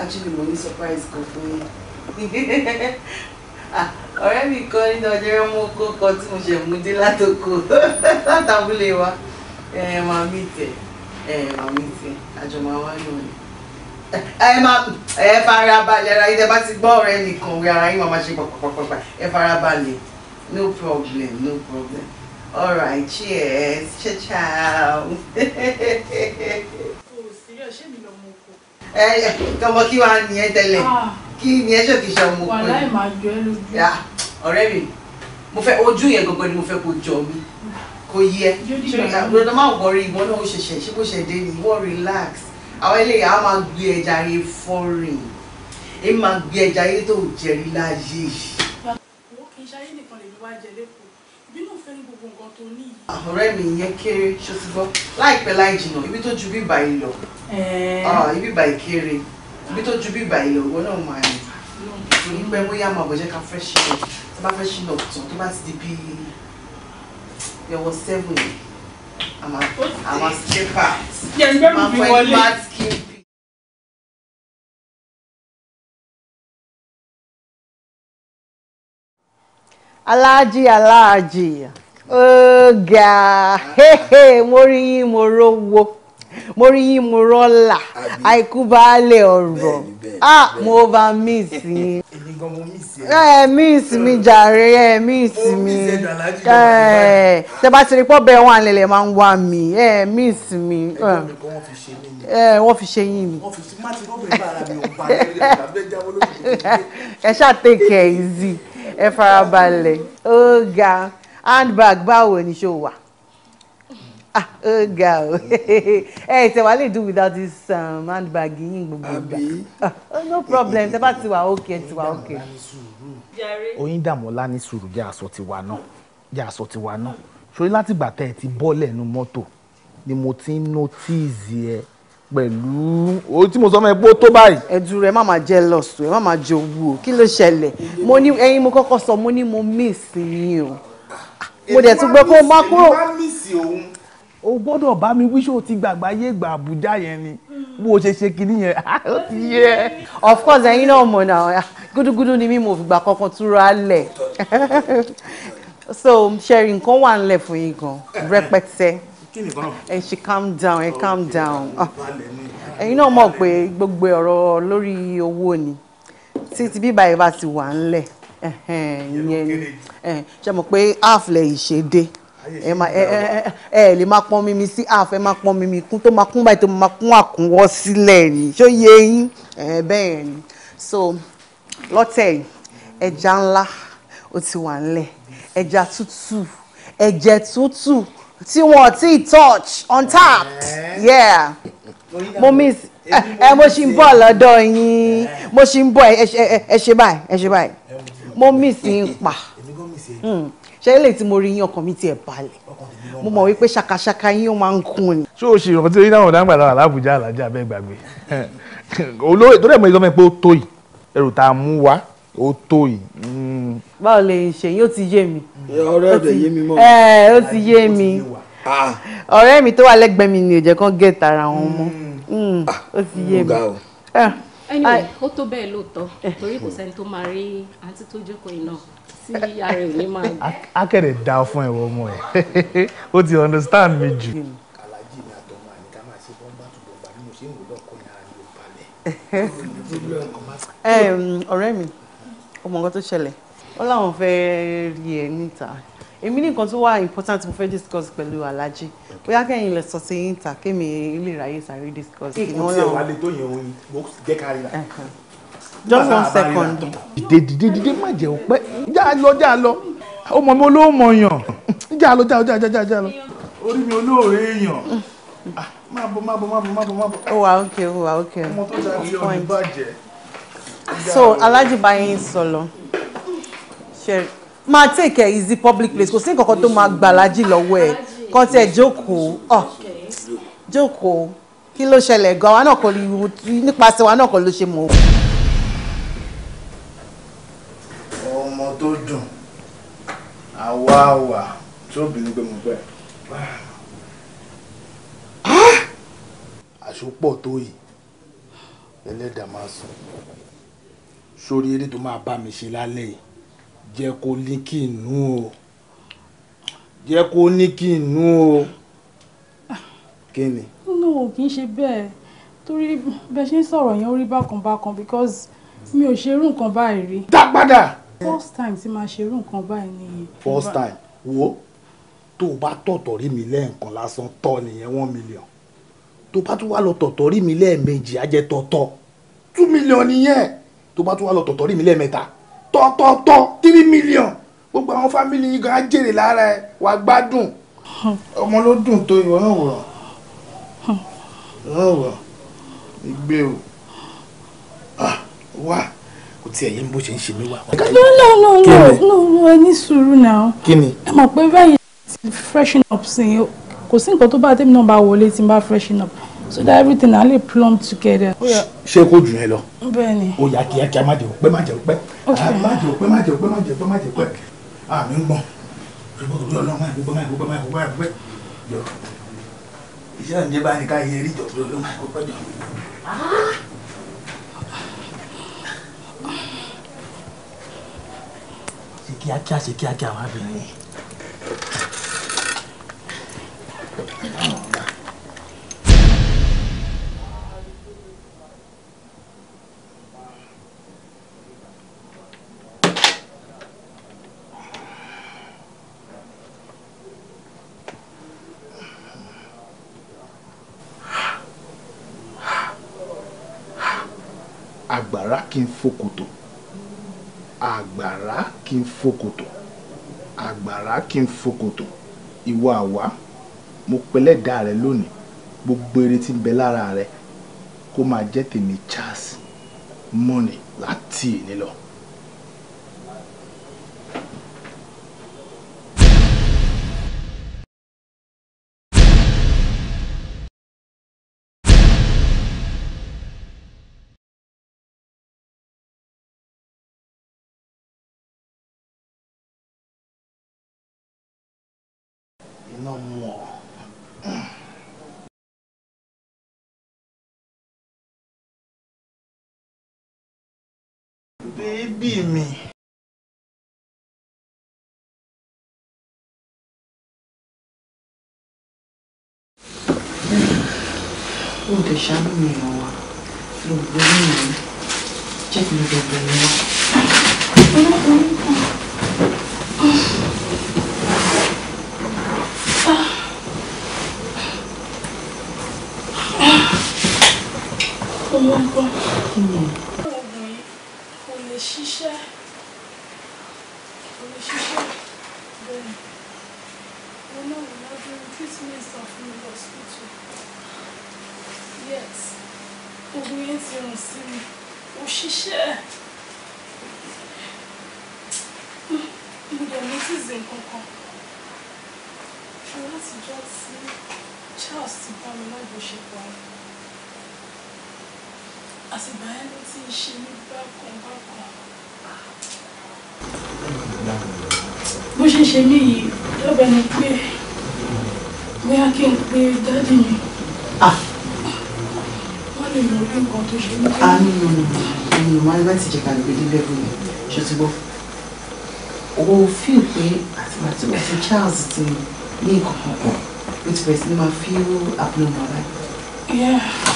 actually mo ní surprise kan fún yín ah, ọ̀rẹ́ mi kan nínú ọjọ́ ọmọ oko kan tí mo ṣe mú dé látòkò látàbúlé wa màmí tẹ màmí tẹ àjọmọ̀ àwọn náà ni ẹ máa ẹ fara balẹ̀ ara yín tẹ bá ti gbọ́ ọ̀rẹ́ nìkan òwe ara yín máa ṣe pàpàpàpà ẹ fara balẹ̀ no problem no problem all right cheers ciao. ẹ ẹ tọmọ kí wàá nìyẹn tẹ́lẹ̀ ah. kí nìyẹn ṣòkè ṣe ọmọ òkú wàhálà ìmọ̀ àjọ ẹ lójú. ọ̀rẹ́ mi mo fẹ́ ojú yẹn gangan ni mo fẹ́ kó jọ mi kò yẹ ṣùgbọ́n máa wọrí ìbọn náà ó ṣẹ̀ṣẹ̀ ṣé kò ṣẹ̀ ni wọ́n relax àwọn eléyìí á máa gbé ẹja yé fọ́rìn ẹ máa gbé ẹja yé tó jẹrí láyé. owó kì í ṣayé nìkan lè wá jẹ lẹ́kọ̀ọ́ ìbínú fẹ́ ní gbogbo nǹkan tó ní yìí. ọ̀rẹ́ mi yẹn kéré ṣọ́sígbọ́ láìpẹ́ láì jìnnà ibi tó ju bíbà yìí lọ ah, ibi bàì kéré ibi tó ju bíbà yìí lọ ìwọ náà máa yẹn ìgbẹ́ bóyá máa bọ̀ jẹ́ ká fẹ́ ṣe lọ tó bá fẹ́ ṣe lọ tán tó bá ti di bíi yọwọ́ seven yìí. Alaji alaji, sípà àmà fẹ́ bàtìkì. aláàjì aláàjì ọ̀gá mo rí yín mo rówó mo rí ah mo over miss yín gan mo miss ẹ. ẹ miss mi jàre ẹ miss mi ẹ tẹ bá ti rí pọ́ bẹ́ẹ̀ wà lẹ́lẹ̀ máa ń wá mi ẹ miss mi. ẹgbẹ́ mi kọ́ wọ́n fi ṣe mí ni. ẹ wọ́n fi ṣe yín mi. wọ́n fi ẹ ṣáà take it easy ẹ farabalẹ̀ ó ga handbag báwo ni ṣó wà. ah oh girl ẹ ṣe wàá you do without this um, handbag yín gbogbo ìgbà oh, no problem tẹ bá ti wà okay ti wà okay. oyin dàmọ́lá ní sùúrù jẹ́ aṣọ tiwa náà jẹ́ aṣọ tiwa náà ṣorí látìgbà tẹ́ ẹ ti bọ́ lẹ́nu mọ́tò ni mo ti ń notice ẹ pẹ̀lú o tí mo sọ fún ẹ pé ó tó báyìí. ẹ̀dùn jealous o ẹ̀ má máa jowú o kí ló ṣẹlẹ̀ mo ní ẹyin mo kọ́kọ́ mo ní mo miss yín o ah, mo dẹ̀ tún gbọ́ pé ó máa o gbọ́dọ̀ bá mi wíṣọ ti gbàgbá yé gbà Àbújá yẹn ni bó o ṣe ṣe kinní yẹn ó ti yẹ. of course ẹ̀yin náà mọ̀ náà gúdúgúdú ni mí mo fìgbà kankan túra lẹ̀ so ṣẹ́rí nǹkan wà ńlẹ̀ fún yín gan rẹpẹtẹ ẹ ṣe calm down ẹ calm down ẹ̀yin náà mọ̀ pé gbogbo ọ̀rọ̀ lórí owó ni tí ti bíbá yìí bá ti wà ńlẹ̀ ìyẹn ṣe mọ̀ pé half lẹ̀ ìṣèdè ẹ má ẹ ẹ lè máa pọn mímí sí àf ẹ máa pọn mímí kún tó máa kún báyìí tó máa kún àkúnwọ́ sílẹ̀ ni ṣó yé yín ẹ bẹ́ẹ̀ ni so lọ́tẹ̀ yìí ẹja ńlá ó ti wà ńlẹ̀ ẹja tútù ẹ̀jẹ̀ tútù tí wọ́n ti touch untapped yeah mo miss ẹ mo ṣì ń bọ̀ lọ́dọ̀ yín mo ṣì ń bọ̀ ẹ ṣe báyìí ẹ ṣe báyìí mo miss yín pa ṣe é lè tí mo rí yín ọkàn mi tiẹ̀ balẹ̀ mo mọ̀ wípé ṣakaṣaka yín ó máa ń kún ni. ṣé o ṣe ìrántí yín náà dáńgbà lára lábùjá alájà bẹ́ẹ̀ gbàgbé olóyè tó dẹ̀ mọ ìsọfún ẹ pé ó tó yìí ẹrù tá a mú wá ó tó yìí. Hmm. báwo lè ṣe yín ó ti yé mi. ọ̀rẹ́ ọ̀dẹ̀ yé mi mọ́. ẹ ó ti yé mi eh, ah. ọ̀rẹ́ mi tó wà lẹ́gbẹ̀ẹ́ mi ni ò jẹ́ kán gẹ̀ tara wọn mọ́ hmm. Hmm, ah, ó ti yé mi. Eh, anyway ó tó bẹ́ẹ̀ lóòótọ́ torí kò sẹ́ni tó máa rí àǹtí tó jókòó yìí náà tí ara ò ní máa gbọ́. akẹ́rẹ̀ da fún ẹ̀wọ̀ ọmọ ẹ̀ ó ti understand mi jù. Hmm. alájí ni àtọmọ àní ká máa ṣe bọ́ńbà tó bọ̀ǹbà bí mo ń wò lọ́kọ̀ ní ara mi ò ọ̀rẹ́ mi ó nǹkan tó ṣẹlẹ̀ ó láwọn fẹ́ẹ́ rí ẹ níta èmi ní nǹkan tó wà important mo fẹ́ discuss pẹ̀lú alájí bóyá kẹ́yìn lè sọ sí yín ta kémi ilé ìráyè sáré discuss. ìkùn tí ẹ̀ wá lè tó yẹn òun mo jẹ́ ká rí ra just one second. dìde dìde dìde má jẹ́ o pẹ́ já lọ já lọ ó mọ mi olóòmọ yàn já lọ já lọ já já já lọ orí mi olóòrè èèyàn ah, má bọ̀ má bọ̀ má bọ̀ má bọ̀ má bọ̀. ó wà ókè ó wà ókè ọmọ tó so alájì bá yín sọ lọ máa take care easy public place kò sí nǹkan tó máa gbàlájì lọ́wọ́ ẹ̀ kọ́ tẹ̀ jókòó oh, jókòó kí ló ṣẹlẹ̀ gan-an wa náà kò nípasẹ̀ wa náà kò ló ṣe mọ̀ ọ́. tó dùn àwa wà tí ó bínú pé mo pẹ́. Ah! àṣepọ̀ tó yìí lẹ́lẹ́dàá máa sùn sórí eré tó máa bá mi ṣe lálẹ́ yìí jẹ́ kó ní kí n nú o jẹ́ kó ní kí n nú o kí ni. no kì í ṣe bẹ́ẹ̀ torí bẹ́ẹ̀ ṣe ń sọ̀rọ̀ yẹn ó rí bákan bákan because mi ò ṣe irú nǹkan báyìí rí. dá padà first time tí máa ṣerú nǹkan báyìí nìyẹn. first time wo tó o bá tọ̀tọ̀ rí mi lẹ́ẹ̀kan lásán tọ́ nìyẹn one million tó o bá tún wá lọ tọ̀tọ̀ rí mi lẹ́ẹ̀mejì á jẹ́ tọ̀tọ̀ two million nìyẹn tó o bá tún wá lọ tọ̀tọ̀ rí mi lẹ́ẹ̀mẹ́ta tọ̀tọ̀tọ̀ three million gbogbo àwọn fámìlì yìí gan á jèrè lára ẹ wà á gbádùn ọmọ ló dùn tó ìwọ náà wọ̀ náà wọ̀ ìgbé o ah, wà kò tiẹ̀ yé bó ṣe ń ṣe mí wá. no no no no no ẹ ní sùúrù náà. kí ni. ẹ mọ̀ pé báyìí ti freshen up sí i kò sí nǹkan tó bá tèmi náà bá wọlé tí n bá freshen up so that everything na le plumb together. ṣé kò jù yẹn lọ. bẹ́ẹ̀ni. ó yá kíákíá má jẹ́ òpẹ́ má jẹ́ ah, òpẹ́ má jẹ́ òpẹ́ má jẹ́ òpẹ́ má jẹ́ ah, òpẹ́ má jẹ́ òpẹ́ àmì ń gbọ̀n ìṣe àǹjẹ́ bá ní ká yẹ eré ìjọba lọ́wọ́ máa kó pẹ́ jọ. Ah! ṣe kíákíá ṣe kíákíá wá bẹ̀rẹ̀ yìí. agbára kí n fòkòtò àgbàrá kí n fokòtò àgbàrá kí n fokòtò ìwọ àwa mo pẹlẹ́dàá rẹ lónìí gbogbo eré tí ń bẹ lára rẹ kó máa jẹ́ tèmi Charles mọ́ni láti èní lọ. iná mú ọ. bébì mi. ó dẹ̀ ṣáájú mi ràn wá lóògbé mi jẹ́ kí n gbẹ̀gbẹ̀ mi wá. ló ń gbọ́. yes oògùn yẹn ti rùn sí mi kò ṣiṣẹ́ mo dẹ̀ ní tíìzì nǹkan kan ṣe láti jọ́ sí Charles ti bá mi lọ́gbọ̀ọ́ṣepọ̀ ayé àtìgbà yẹn ló ti ń ṣe mí bákan bákan. bó ṣe ń ṣe mí yìí dábàá ni pé bóyá kí n pe dáàdì mi ah! wọ́n lè lọ rí nǹkan tó ṣe mí. a ní ìlú ìlú wọn láti jẹ kàlùkù délé fún mi ṣe ti gbọ́ owó fíì pé àtìgbà tí wọ́n ti Charles ti ní nǹkan kan kan ó ti bẹ̀rẹ̀ sí ní máa fíwú abnormal báyìí.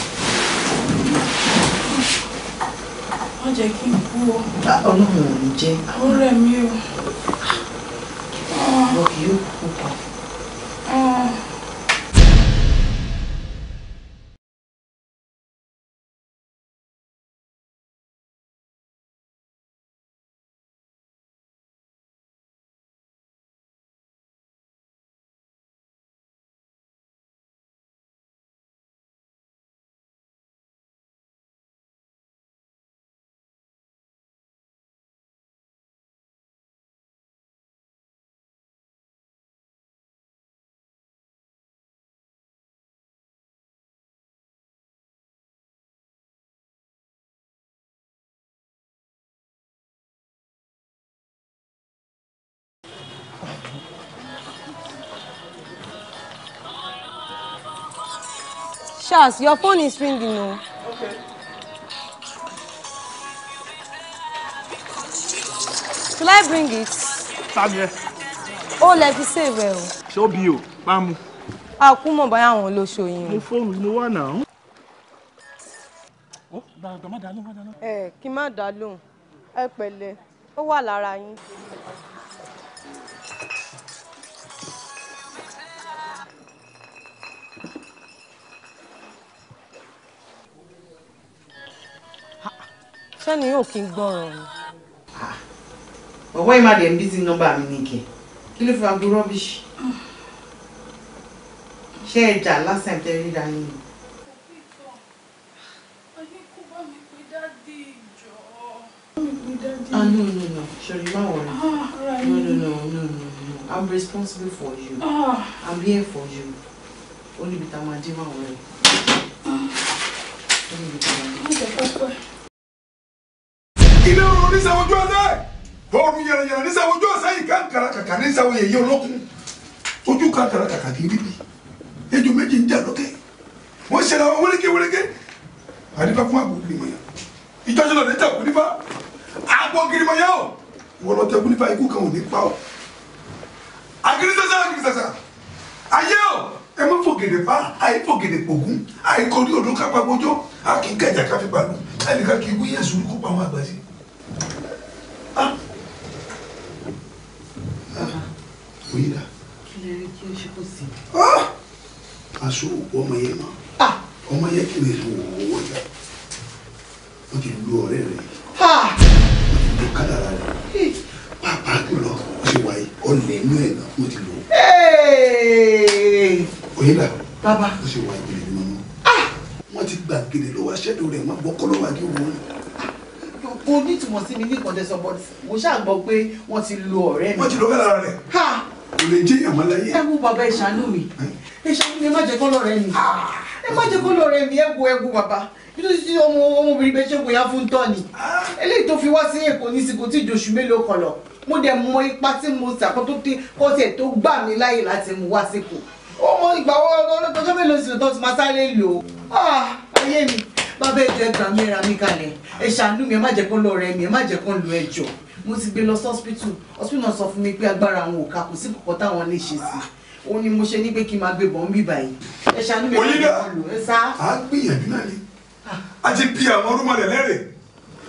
má jẹ́ kí n kú o. Ah, ọlọ́run ò ní jẹ́. àwọn ọ̀rẹ́ mi o. wọ́n kì yóò Charles, your phone is ringing now. Okay. Shall I bring it? Sábẹ́. Oh, let me save ẹ Show Ṣé ó bí o? Bá mu. A kú mọ̀ báyà àwọn olóṣò yín. Mo fóònù ni mo wà náà. Ó oh, dàgbà má dá lóhùn. Ẹ kí má dá eh, Ẹ pẹ̀lẹ́, ó wà lára yín. fẹ́ni yóò kí n gbọ́ràn ni. ọ̀wọ́ ìmàdé ń bí ti nọ́mbà mi ní kẹ́ kí ló fi wá gbọ́ rọ́bìṣì ṣé ẹ jà lásán tẹ rí dání Ah, no, no, no. Sure, you don't worry. Ah, right. No, no, no, no, no, no. I'm responsible for you. Ah. I'm here for you. Only with Amadi, my worry. Only with Amadi ilé ọ̀rọ̀ nísàwọ̀ ojú ọ̀sẹ̀ fọ́ọ̀rù yẹrẹyẹrẹ nísàwọ̀ ojú ọ̀sẹ̀ yìí kankara kàkà nísàwọ̀ yẹyẹ olókun ojú kankara kàkà kì í bíbí ejò méjì ń jà lókè wọ́n ṣẹlẹ̀ àwọn wélékè wélékè àdìbá fún àgbò girimọ̀yà ìjọsìn lọ́dẹ tẹ̀ kú nípa àgbò girimọ̀yà o wọ́n kú nípa ikú kan ò ní pa o agirisasa agirisasa ayé o ẹ má fògèdè pa àyè fògèdè pògún àyè kọrí odò kápá gbójó àkíkẹjà káfíńpá lù ẹnìkan kì í wúyẹ sùúrù kó pa àwọn àgbà sí i. ló ṣe kó sí. Ah! aṣọ òkú ọmọ yẹn mọ ah! ọmọ yẹn kiri ìlú owó ọjà wọn ti lu ọ̀rẹ́ rẹ̀ ah! wọn ti lu kádàrà rẹ̀ pàápàá jùlọ ó ṣe wáyé ọlẹ inú ẹ náà wọn ti lu. oyinla bàbá ó ṣe wáyé ìlú mọ wọn ti gbà o nítumọ̀ sí mi ní ìkọ̀dẹ́sọ̀ bọ́ọ̀tì mo ṣáà gbọ́ pé wọ́n ti lu ọ̀rẹ́ mi. wọ́n ti lu ọ̀rẹ́ rẹ̀ kò lè jẹ́ ìyàmọ́ láyé. ẹ wo bàbá ẹ mi ẹ mi ẹ má jẹ́ kó rẹ mi ah. ẹ má jẹ́ kó rẹ mi ẹ wo ẹ wo bàbá nítorí tí ọmọ ọmọbìnrin bẹ ṣe kò yá fún tọ́ ni ah. eléyìí tó fi wá sí èkó ní sìnkú tí ìjọsùn mélòó kan lọ mo dẹ̀ mọ ipa tí mo sàkó tó ti kọ́ tó gbà mí láyè láti mú wá síkò ó mọ ìgbà ọlọ́dọ́jọ́ mélòó sì tó ti máa sáré lò ah, ayé mi bàbá ẹ̀jẹ̀ gbà mí mi kalẹ̀ ẹ ṣàánú mi ẹ má jẹ́ kó lọ rẹ mi ẹ má jẹ́ kó lu ẹjọ́ mo ti gbé lọ sí hospital hospital náà sọ fún mi pé agbára àwọn ò kò sí kọ̀kọ́ táwọn lè ṣe sí ó ní mo ṣe ní pé kí n máa gbé bọ̀ ń bì báyìí ẹ ṣàánú mi lọ́dọ̀ ọ̀lù sá. a gbìyànjú náà ni a ti bí àwọn ọdún mọ̀lẹ̀ lẹ́rẹ̀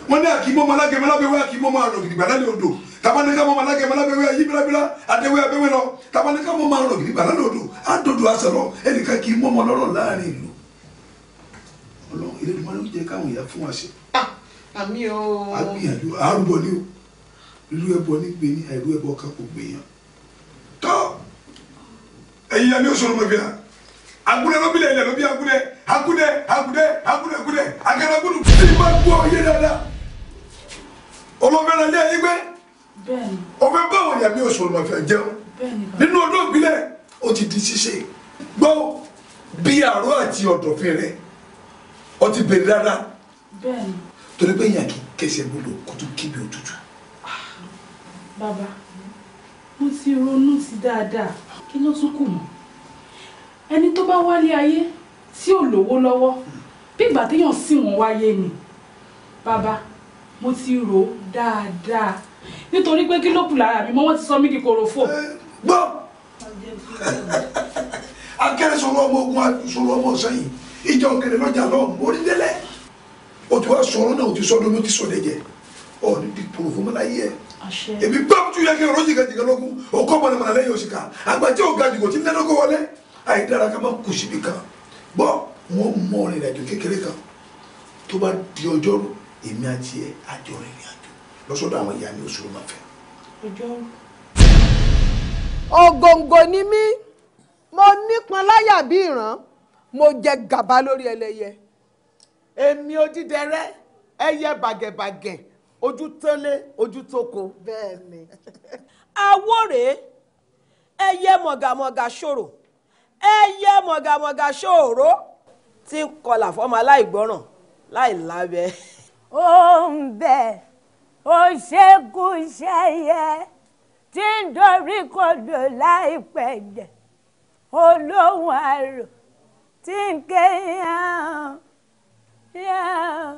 wọ́n ní àkímọ́ alágẹ̀mọ́ lábẹ́wẹ́ àkímọ́ ọmọ lálẹ́ odò tabanika alágẹ̀mọ́ lábẹ́wẹ́ ayé àtẹwé abẹ́wẹ́ lọ tabanika mọ́ lálẹ́ odò àdòdò àṣọrọ ẹnìkan kì í mọ́ lọ́rọ̀ láàrin ìlú ọlọ́run ilé ìdúmọ́ ló jẹ́ káwọn ìyá fún wa ṣe. Ah, àmì o. a gbìyànjú àrùbọ̀ ni o ìlú ẹbọ nígbè ní àìlú ẹbọ kan kò gbèyàn. tọ́ ẹ̀yin àmì òṣòro mọ̀ bíyà agúnlẹ̀ lọ́bílẹ̀ ilẹ̀ lọ́bí agúnlẹ̀ agúnlẹ̀ agúnlẹ̀ agúnlẹ̀ agúnlẹ̀ agaragudu tí ì máa gbọ́ yé dáadáa olómẹ́ra ilé ayé gbé ọbẹ̀ báwo ni àmì òṣòro mọ̀ fẹ́ jẹun nínú ọdún ìbílẹ̀ ó ti di ṣíṣe gbọ́ bí àárọ̀ àti ọ̀dọ̀fin rẹ̀ ó ti bèrè dáadáa torí pé yàn kẹsẹ̀ gbọdọ̀ kó tó òtútù bàbá mo ti ronú sí dáadáa kí ló tún kù mọ́ ẹni tó bá wálé ayé tí ò lówó lọ́wọ́ bí ìgbà téèyàn sì wọ́n wáyé ni bàbá mo ti rò ó dáadáa nítorí pé kí ló kù lára mi mọ́ wọ́n ti sọ mí di kòròfò. gbọ́ akẹ́rẹ́ sọ̀rọ̀ ọmọ ogun sọ̀rọ̀ ọmọ sẹ́yìn ìjà òkèrè lọ́jà lọ́ọ̀ mórí délẹ̀ o ti wá sọ̀rọ̀ náà o ti ló ti sọ̀dẹ̀ jẹ́ ọ̀ ní bí pòròfò mọ́ láyé ẹ̀ èmi gbàgbọ́jú yẹ kí n rọ́jì gàjì galógun òkọ́ mọ̀nàmọ̀nà lẹ́yìn oṣù kan àgbàjẹ́ ò gàjì kò tí nẹ́nọ́gọ́ wọlé àìdára ká má kù síbi kan gbọ́ wọn mọ ìrìn àjò kékeré kan tó bá di ọjọ́rú èmi àti ẹ àjọ ìrìn àjò lọ́sọ̀dọ̀ àwọn ìyá mi oṣù ló fẹ́. ògòǹgò ni mí mo nípọn láyà bí ìran mo jẹ gàba lórí ẹlẹ́yẹ èmi odídẹrẹ́ ẹyẹ bàgẹ̀bàgẹ̀ ojú tẹ́lẹ̀ ojú tóko. bẹ́ẹ̀ni. àwo rèé ẹyẹ mọ̀gàmọ̀gà ṣòro ẹyẹ mọ̀gàmọ̀gà ṣòro tí ń kọlà fọmọ aláìgbọràn láì lábẹ. ó ń bẹ òṣèkúṣẹyẹ tí ń dorí kodò láìpẹ́ jẹ olóhùn àrò tí ń ké yàn yàn.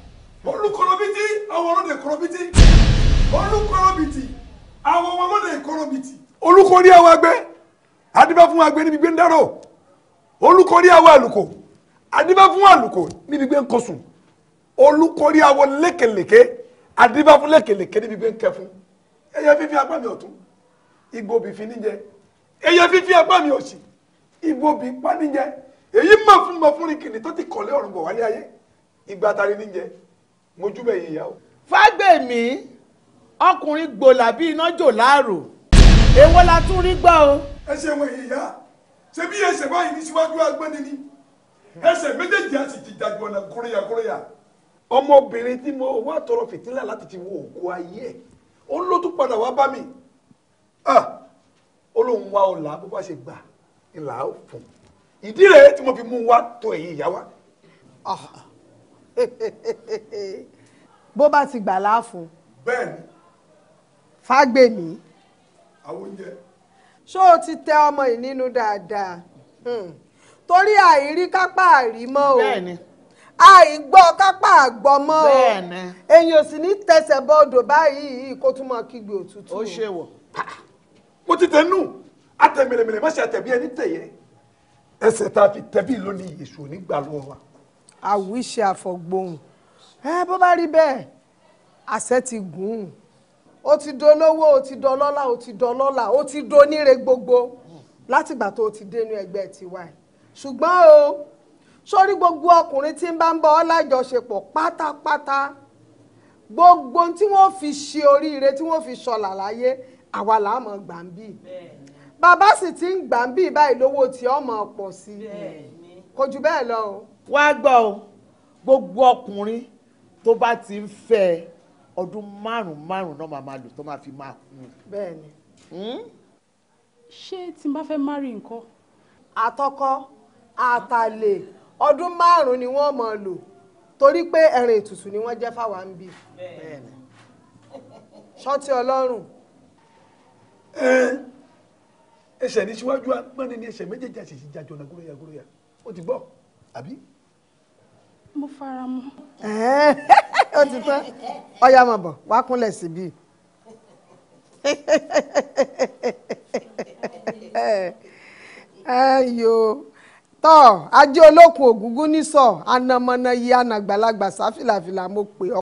olùkọ́rọ́bìtì àwọn de kọ́rọ́bìtì olùkọ́rọ́bìtì àwọn ọlọ́dẹ kọ́rọ́bìtì. olùkọ́rí àwọn agbẹ́ adébá fún agbẹ́ níbi gbé ń dárò olùkọ́rí àwọn àlùkò adébá fún àlùkò níbi gbé ń kọsùn olùkọ́rí àwọn lékèlékè adébá fún lékèlékè níbi gbé ń kẹfún ẹyẹ fífi apá mi ọ̀tún igbó bí fi níjẹ ẹyẹ fífi apá mi òsì igbó bí pa níjẹ èyí mọ̀ fún mọ̀ fún rìkìnì tó ti kọ̀lé ọ̀rùn bọ̀ wálé ayé ìgbà tari níjẹ mojú bẹ̀ yìí yá o. fágbèmí ọkùnrin gbòòlà bí iná jò láàrò èwo la tún rí gbọ́ o. ẹ ṣe wọn èyí yá ṣe bí ẹsẹ̀ báyìí ní síwájú agbẹ́ni ni ẹsẹ̀ méjèèjì á sì ti dàgbọ́ ọ̀nà kóríyà ọmọbìnrin tí mo wá tọrọ fìtílà láti ti wo òkú ayé ẹ ó ló tún padà wá bá mi ó lóun wá ọ̀la bó bá ìdí rẹ̀ tí mo fi mú un wá tó èyí ìyá wa. Ah, bó bá ti gbà láàfún. bẹ́ẹ̀ni. fágbèmí. àwọn oúnjẹ. ṣó o ti tẹ ọmọ yìí nínú dáadáa hmm. torí àìrí kápá àrímọ́ o àìgbọ́ kápá àgbọ́mọ́ o èyàn ò sì ní tẹsẹ̀ bọ odò báyìí kó tún máa kígbe òtútù. ó ṣe wọ. mo ti tẹnu atẹmẹlẹmẹlẹ má ṣe àtẹbí ẹni tẹyẹ ẹsẹ̀ tá a fi tẹbí lónìí èṣù onígbà lọ́wọ́ wa àwíṣe àfọ̀gbohùn ẹ bó bá rí bẹ́ẹ̀ àṣẹ ti gùn ún ó ti dolówó ó ti dọlọ́lá ó ti dọlọ́lá ó ti doníre gbogbo látìgbà tó o ti dénú ẹgbẹ́ tiwa ẹ̀ ṣùgbọ́n o sórí gbogbo ọkùnrin tí ń bá ń bá ọ lájọṣepọ̀ pátápátá gbogbo tí wọ́n fi ṣe oríire tí wọ́n fi ṣọlà láyé àwa là á mọ̀ gbà ń bì bàbá sì ti ń gbà ń bì báyìí lówó tí ọmọ pọ̀ sí kò jù bẹ́ẹ̀ lọ o wá gbọ́ o gbogbo ọkùnrin tó bá ti ń fẹ́ ọdún márùn-ún márùn-ún náà máa máa lò tó máa fi máa kú. bẹ́ẹ̀ni. Hmm? ṣé tí n bá fẹ́ márì nǹkan. àtọkọ àtàlè ọdún márùn-ún ni wọ́n máa lò torí pé ẹ̀rìn ètùtù ni wọ́n jẹ́ fáwa ń bì. bẹ́ẹ̀ni. ṣọ́tí ọlọ́run. ẹsẹ̀ ní síwájú agbọ́n ni ẹsẹ̀ méjèèjì àṣìṣe jàjọ̀ nàgúròyà ó ti gbọ́ àbí mo fara mọ́. ó ti tán ọyá máa bọ̀ wá kúnlẹ̀ síbí. ayo tọ́ ajé olókun ògúngún nísọ̀ anamọ́nà yìí anàgbàlagbà sáfìlàfìlà mo pè ọ́.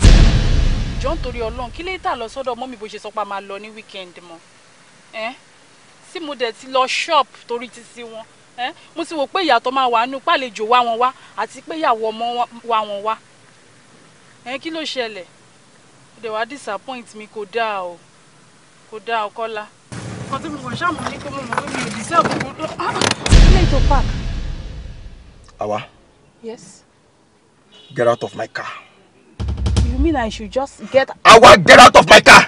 jọ́ nítorí ọlọ́run kí lè tà lọ sọ́dọ̀ mọ́mí bó ṣe sọ pé máa lọ ní wíkẹ́ndì mọ́ tí mo dẹ̀ ti lọ ṣọ́ọ̀pù torí ti sí wọn Eh? mo ti wò pé ìyàtọ̀ máa wà nù pàlejò wá wọn wá àti pé ìyàwó ọmọ wá wọn wá eh, kí ló ṣẹlẹ̀ ó dẹ̀ wá disappoint mi kò dáa o kò dáa o Kọ́lá. nǹkan tí mo kàn ṣáà ní pé mo mọ̀ pé mi ò dìísẹ́ òkú tó. Ah, ah. ilé ètò park. Awa. yes. get out of my car. you mean I should just get. Awa, get out of my car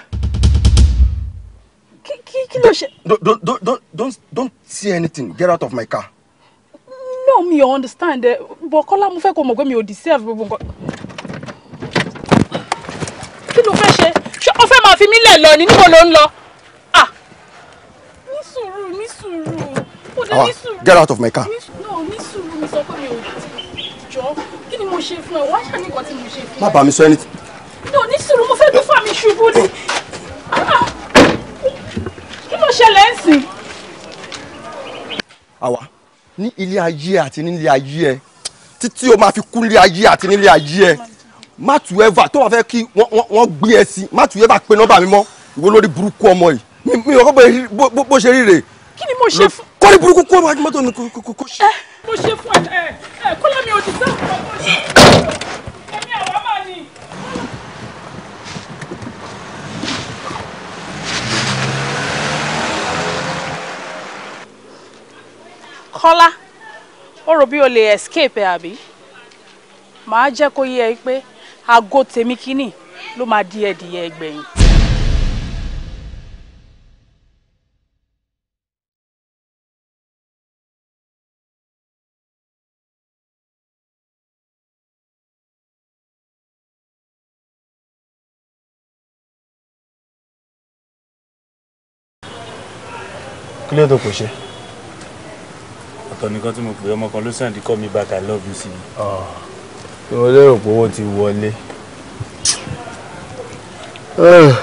kí ló ṣe. don't don't don't don't don't see anything get out of my car. no me, you understand ẹ bọ Kọ́lá mo fẹ́ kó mọ̀ pé mi ò deserve gbogbo nǹkan. kí ló fẹ́ ṣe ṣé o fẹ́ máa fi mí lẹ̀ lọ ni níbo ló ń lọ. Ah! ní sùúrù ní sùúrù ó ah, get out of my car. no ní sùúrù mi sọ pé mi ò jọ kí ni mo ṣe fún ẹ wá ṣàníkan tí mo ṣe fún ẹ. má bàa mi sọ anything. no ní sùúrù mo fẹ́ gbé fún mi ṣubú ni. Ah, ṣẹlẹ̀ ń sìn. àwa ní ilé ayé àti nílé ayé ẹ títí o máa fi kú nílé ayé àti nílé ayé ẹ má tù ẹ́fà tó wàá fẹ́ kí wọ́n gbé ẹ sí má tù ẹ́fà pé nọ́mbà mi mọ́ ìwọ lórí burúkú ọmọ yìí mi ò kọ́ bó ṣe rí rè. kí ni mo ṣe fún. kọ́ni burúkú kó wájú mọ́tò ní kó ṣe. Eh, mo ṣe fún ẹ ẹ eh, eh, kọ́lá mi ò ti sáà kọ́ bó ṣe. Kọ́lá ó rò bí o lè escape ẹ àbí màá jẹ́ kó yé ẹ pé aago tèmi kínní ló máa di ẹ̀dìyẹ ẹgbẹ̀yìn. kí ló tó kò ṣe ọ̀tọ̀ nìkan tí mo pè ọmọ kan ló sàn dí call me back I love you sí mi. Ah. mo lérò pé owó ti wọlé. Ah.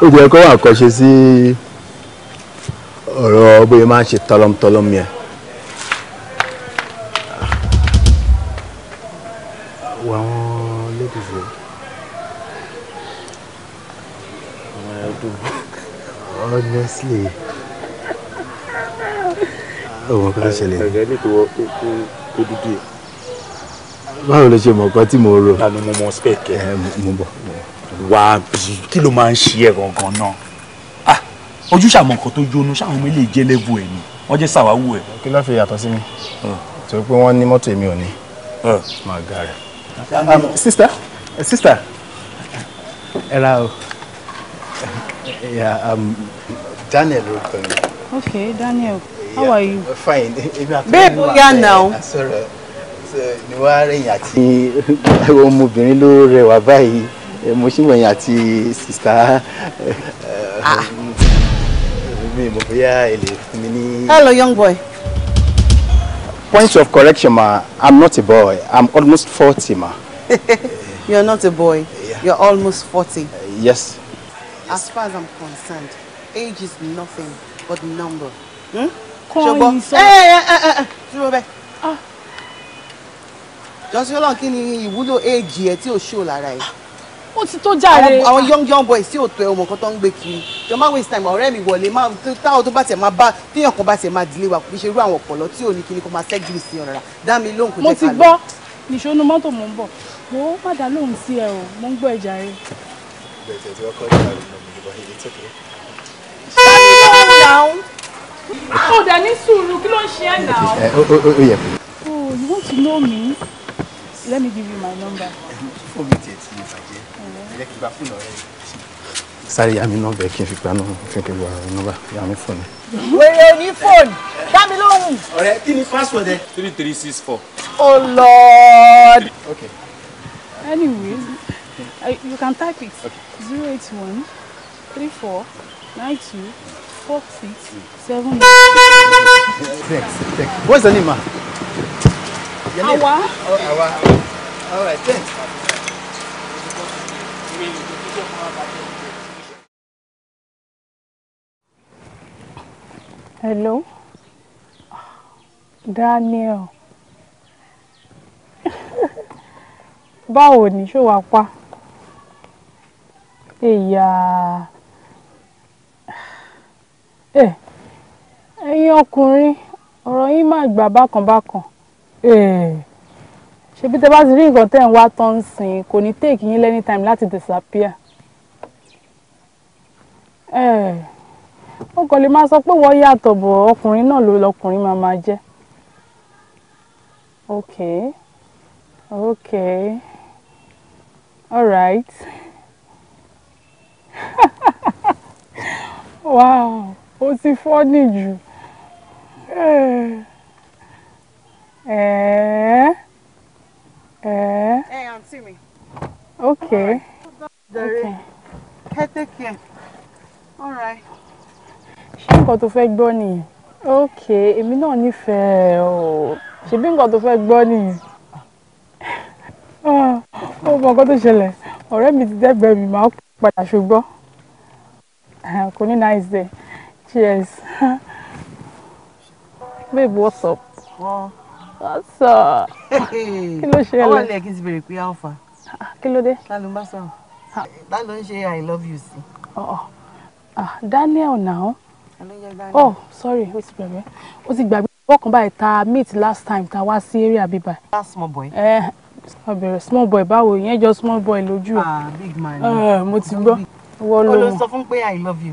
ó jẹ́ kó wà kọ́ṣe sí ọ̀rọ̀ bóyá máa ń ṣe tọ́lọ́mtọ́lọ́m yẹn. honestly òun kò lè ṣẹlẹ̀. organic wọ tó dúdú yẹ. báwo ló ṣe mọ̀ nǹkan tí mo rò. lanu mo mọ spec ẹ. ẹ mo bọ. wà á bí kí ló máa ń ṣe ẹ gangan náà ah ojú ṣàmọ nǹkan tó jóná ṣáwọn ọmọ ilé ìjẹ lẹ́bù ẹ̀ ni wọ́n jẹ́ sàwáwù ẹ̀. kí ló fi yàtọ̀ sí mi torí pé wọ́n ní mọ́tò èmi ò ní. máa ga rẹ̀. sista sista ẹ ra o yeah, um, Daniel lórúkọ mi. ok Daniel. How are you? Fine. Babe, bóyá now. Sorry. Ni wá rẹ̀yìn àti ọmọbìnrin ló rẹwà báyìí. Mo ṣì wọ̀nyìn àti sista. Ah. Mi mo bóyá èlé fún mi ní. Hello young boy. Points of correction ma, I'm not a boy. I'm almost forty ma. You're not a boy. You're almost forty. Uh, yes. As far as I'm concerned, age is nothing but number. Hmm? kan ìsọ. ẹ ẹ ẹ ẹ ẹ dúró bẹ́ẹ̀. Ah. jọ́sí ọlọ́run kí ni ìwúlò éèjì ẹ tí ò ṣó lára ẹ. ó ti tó jàre. àwọn young young boys tí ò tó ẹ ọmọ kan tó ń gbé kiri jọ má waste time ọ̀rẹ́ mi wọlé má táwọn tó bá tẹ̀ máa bá téèyàn kan bá tẹ̀ máa dìlé wa kò ṣe irú àwọn ọ̀pọ̀lọ́ tí ò ní kí ni kò máa ṣẹ́gìrì sí ọ̀rọ̀ rà dá mi lóhùn kò jẹ́ ká lọ. mo ti gbọ́ nìṣónú mọ́tò mò ń bọ̀ wo padà lóhùn sí ẹ o mo ń gbọ́ ẹ̀jà rẹ. bẹ̀rẹ̀ tí wọ́n kọ́ ìjà rẹ̀ náà mo ní bá ilé Oh, there needs to look closer now. ṣe eh, oh, oh, ó oh, oh, yẹ oh you want to know me let me give you my number. fún mi tiẹ̀ tí mo bàjẹ́ ẹ̀jẹ̀ kí n bá fún ọ̀rẹ́ rẹ̀. sáré yá mi nọ́ọ̀bẹ̀ kí n fi gbaná kí n fi wà nọ́ọ̀bà yá mi fóònù. wèrè ò ní fóònù dá mi password ẹ. three three six four. oh lord. okay. anyway you can type it. okay. zero eight one three four nine two four six seven eight. Thanks, thanks. What's the name, ma? Your Awa. Awa. All right, thanks. Hello? Daniel. Báwo ni show wá pa? Èyà. uh ẹ eh, ẹ̀yin ọkùnrin ọ̀rọ̀ yín máa gbà bákan bákan eh, ṣebí tẹ bá ti rí nǹkan tẹ́ ń wá tán ń sìn kò ní téèkì yín lẹ́ni time láti disappear ọkọ eh, lè máa sọ pé wọ́n yàtọ̀ bọ̀ ọkùnrin náà ló lọkùnrin máa máa jẹ́ ok ok right. wow ó ti fọ́nì jù ẹ̀ẹ́ ẹ̀ẹ́. ẹ àǹtí mi. ok. dẹ̀rẹ̀ kẹ́tẹ́kẹ́ ọ̀rẹ́. ṣé nǹkan tó fẹ́ gbọ́ nìyẹn. ok èmi náà nífẹ̀ẹ́ o ṣebí nǹkan tó fẹ́ gbọ́ nìyẹn. ó ah, mọ nǹkan tó ṣẹlẹ̀ ọ̀rẹ́ mi ti dẹ́gbẹ̀ẹ́ mi máa padà ṣùgbọ́n ah, kò ní náà ṣe. Cheers. Babe, what's up? Wọ́n. What's up? Hey. ló ṣe ẹlẹ́? Ọwọ́ ilẹ̀ kì í ti bèrè pé alpha. Ah, kí ló dé? Ta ló ń bá sọ̀rọ̀? Ta ló ń ṣe I love you sí? Oh, oh. Ah, Daniel now. Oh, sorry, What's ti bẹ̀rẹ̀. What's it, baby? ọkàn by ta meet last time ta was sí area bíbá. small boy. Eh, small boy small boy báwo ìyẹn jọ small boy lójú ẹ. Ah, big man. Eh, mo ti gbọ́. Wọ́n ló mọ̀. Ó lọ sọ I love you.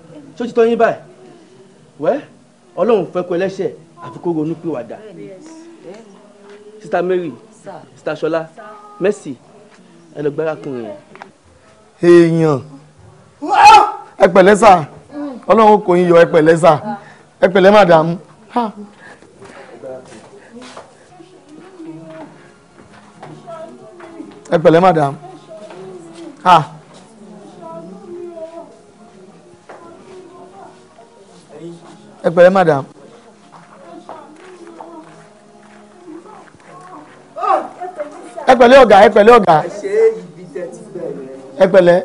ṣó ti tọ́ yín báyìí wẹ́ ọlọ́run fẹ́ kó ẹlẹ́ṣẹ̀ àfi kó ronú pé wàdà sista Mary sista Ṣọlá Mercy ẹlẹgbẹ́ra kun yẹn. èèyàn ẹ pẹ̀lẹ́ sà ọlọ́run kò yín yọ ẹ pẹ̀lẹ́ sà ẹ pẹ̀lẹ́ màdàmú. ẹ pẹ̀lẹ́ màdàmú. ẹ pẹ̀lẹ́ madam. ẹ pẹ̀lẹ́ ọ̀gá ẹ pẹ̀lẹ́ ọ̀gá ẹ pẹ̀lẹ́.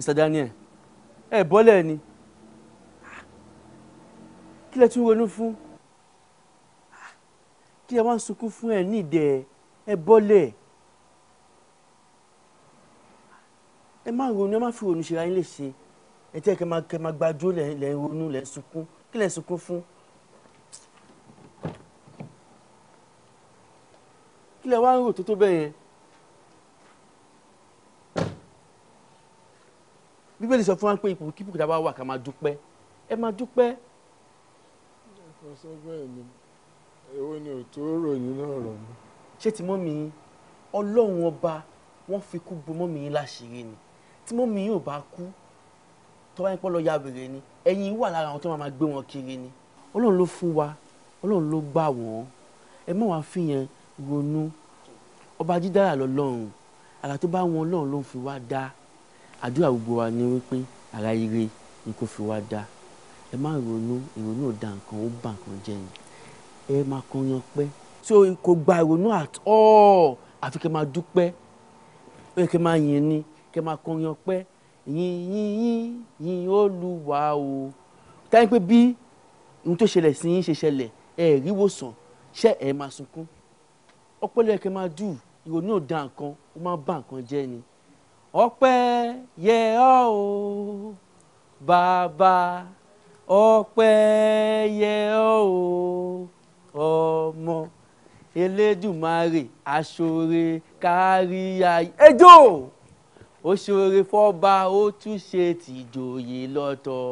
Mr. Daniel ẹ bọ́lẹ̀ ni kí lẹ tún ronú fún kí lẹ wá ń sunkún fún ẹ nídẹ̀ẹ́ ẹ bọ́lẹ̀ ẹ má ronú ẹ má fi ronú ṣera yín lè ṣe ẹ tẹ́ kẹ́ máa kẹ́ máa gbájú lẹ̀ ń ronú lẹ̀ ń sunkún kí lẹ̀ sunkún fún. kí lẹ wá ń rò tó tó bẹ́ẹ̀ yẹn. bíbélì sọ fún wa pé ipò kíkù tá a bá wà ká máa dúpẹ́ ẹ máa dúpẹ́. kò sọ bẹ́ẹ̀ ni èwo ni ò tó ròyìn náà rọ̀ mọ́. ṣé tí mọ́mì ọlọ́run ọba wọ́n fi kú bo mọ́mì yín láṣìírí ni tí mọ́mì yín ò bá kú tó bá yín pọ́ lọ ya wèrè ni ẹ̀yin wà lára àwọn tó máa gbé wọn kiri ni ọlọ́run ló fún wa ọlọ́run ló gbà wọ́n ẹ mọ̀ wàá fìyẹn ronú ọba dídára lọ́lọ́run àrà tó bá wọn ọlọ́run ló ń fi wá dá àdúrà gbogbo wa ni wípé ara ire ni kò fi wá dá ẹ má ronú ìrònú ò da nǹkan ó bà nǹkan jẹ́ yìí ẹ máa kọrin ọpẹ́ so kò gba ìrònú at all àfi kẹ́ máa dúpẹ́ ẹ kẹ́ máa yìn ni kẹ́ máa kọrin ọpẹ́ yìn yìn yìn yìn Olúwa o táyé pé bí ohun tó ṣẹlẹ̀ sí yín ṣe ṣẹlẹ̀ ẹ rí wòsàn ṣé ẹ máa sunkún ọpẹ́ ló yẹ kẹ́ máa dù ìrònú ò da nǹkan ó máa bà nǹkan jẹ́ ni ọpẹ́ yẹ ọ́ o bàbá ọpẹ́ yẹ ọ́ o ọmọ elédùmarè aṣọre kárí ayé ejò ó ṣoore fọba ó tún ṣe tìjòyè lọ́tọ̀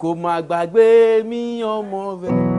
kò má gbàgbé mi ọmọ rẹ̀.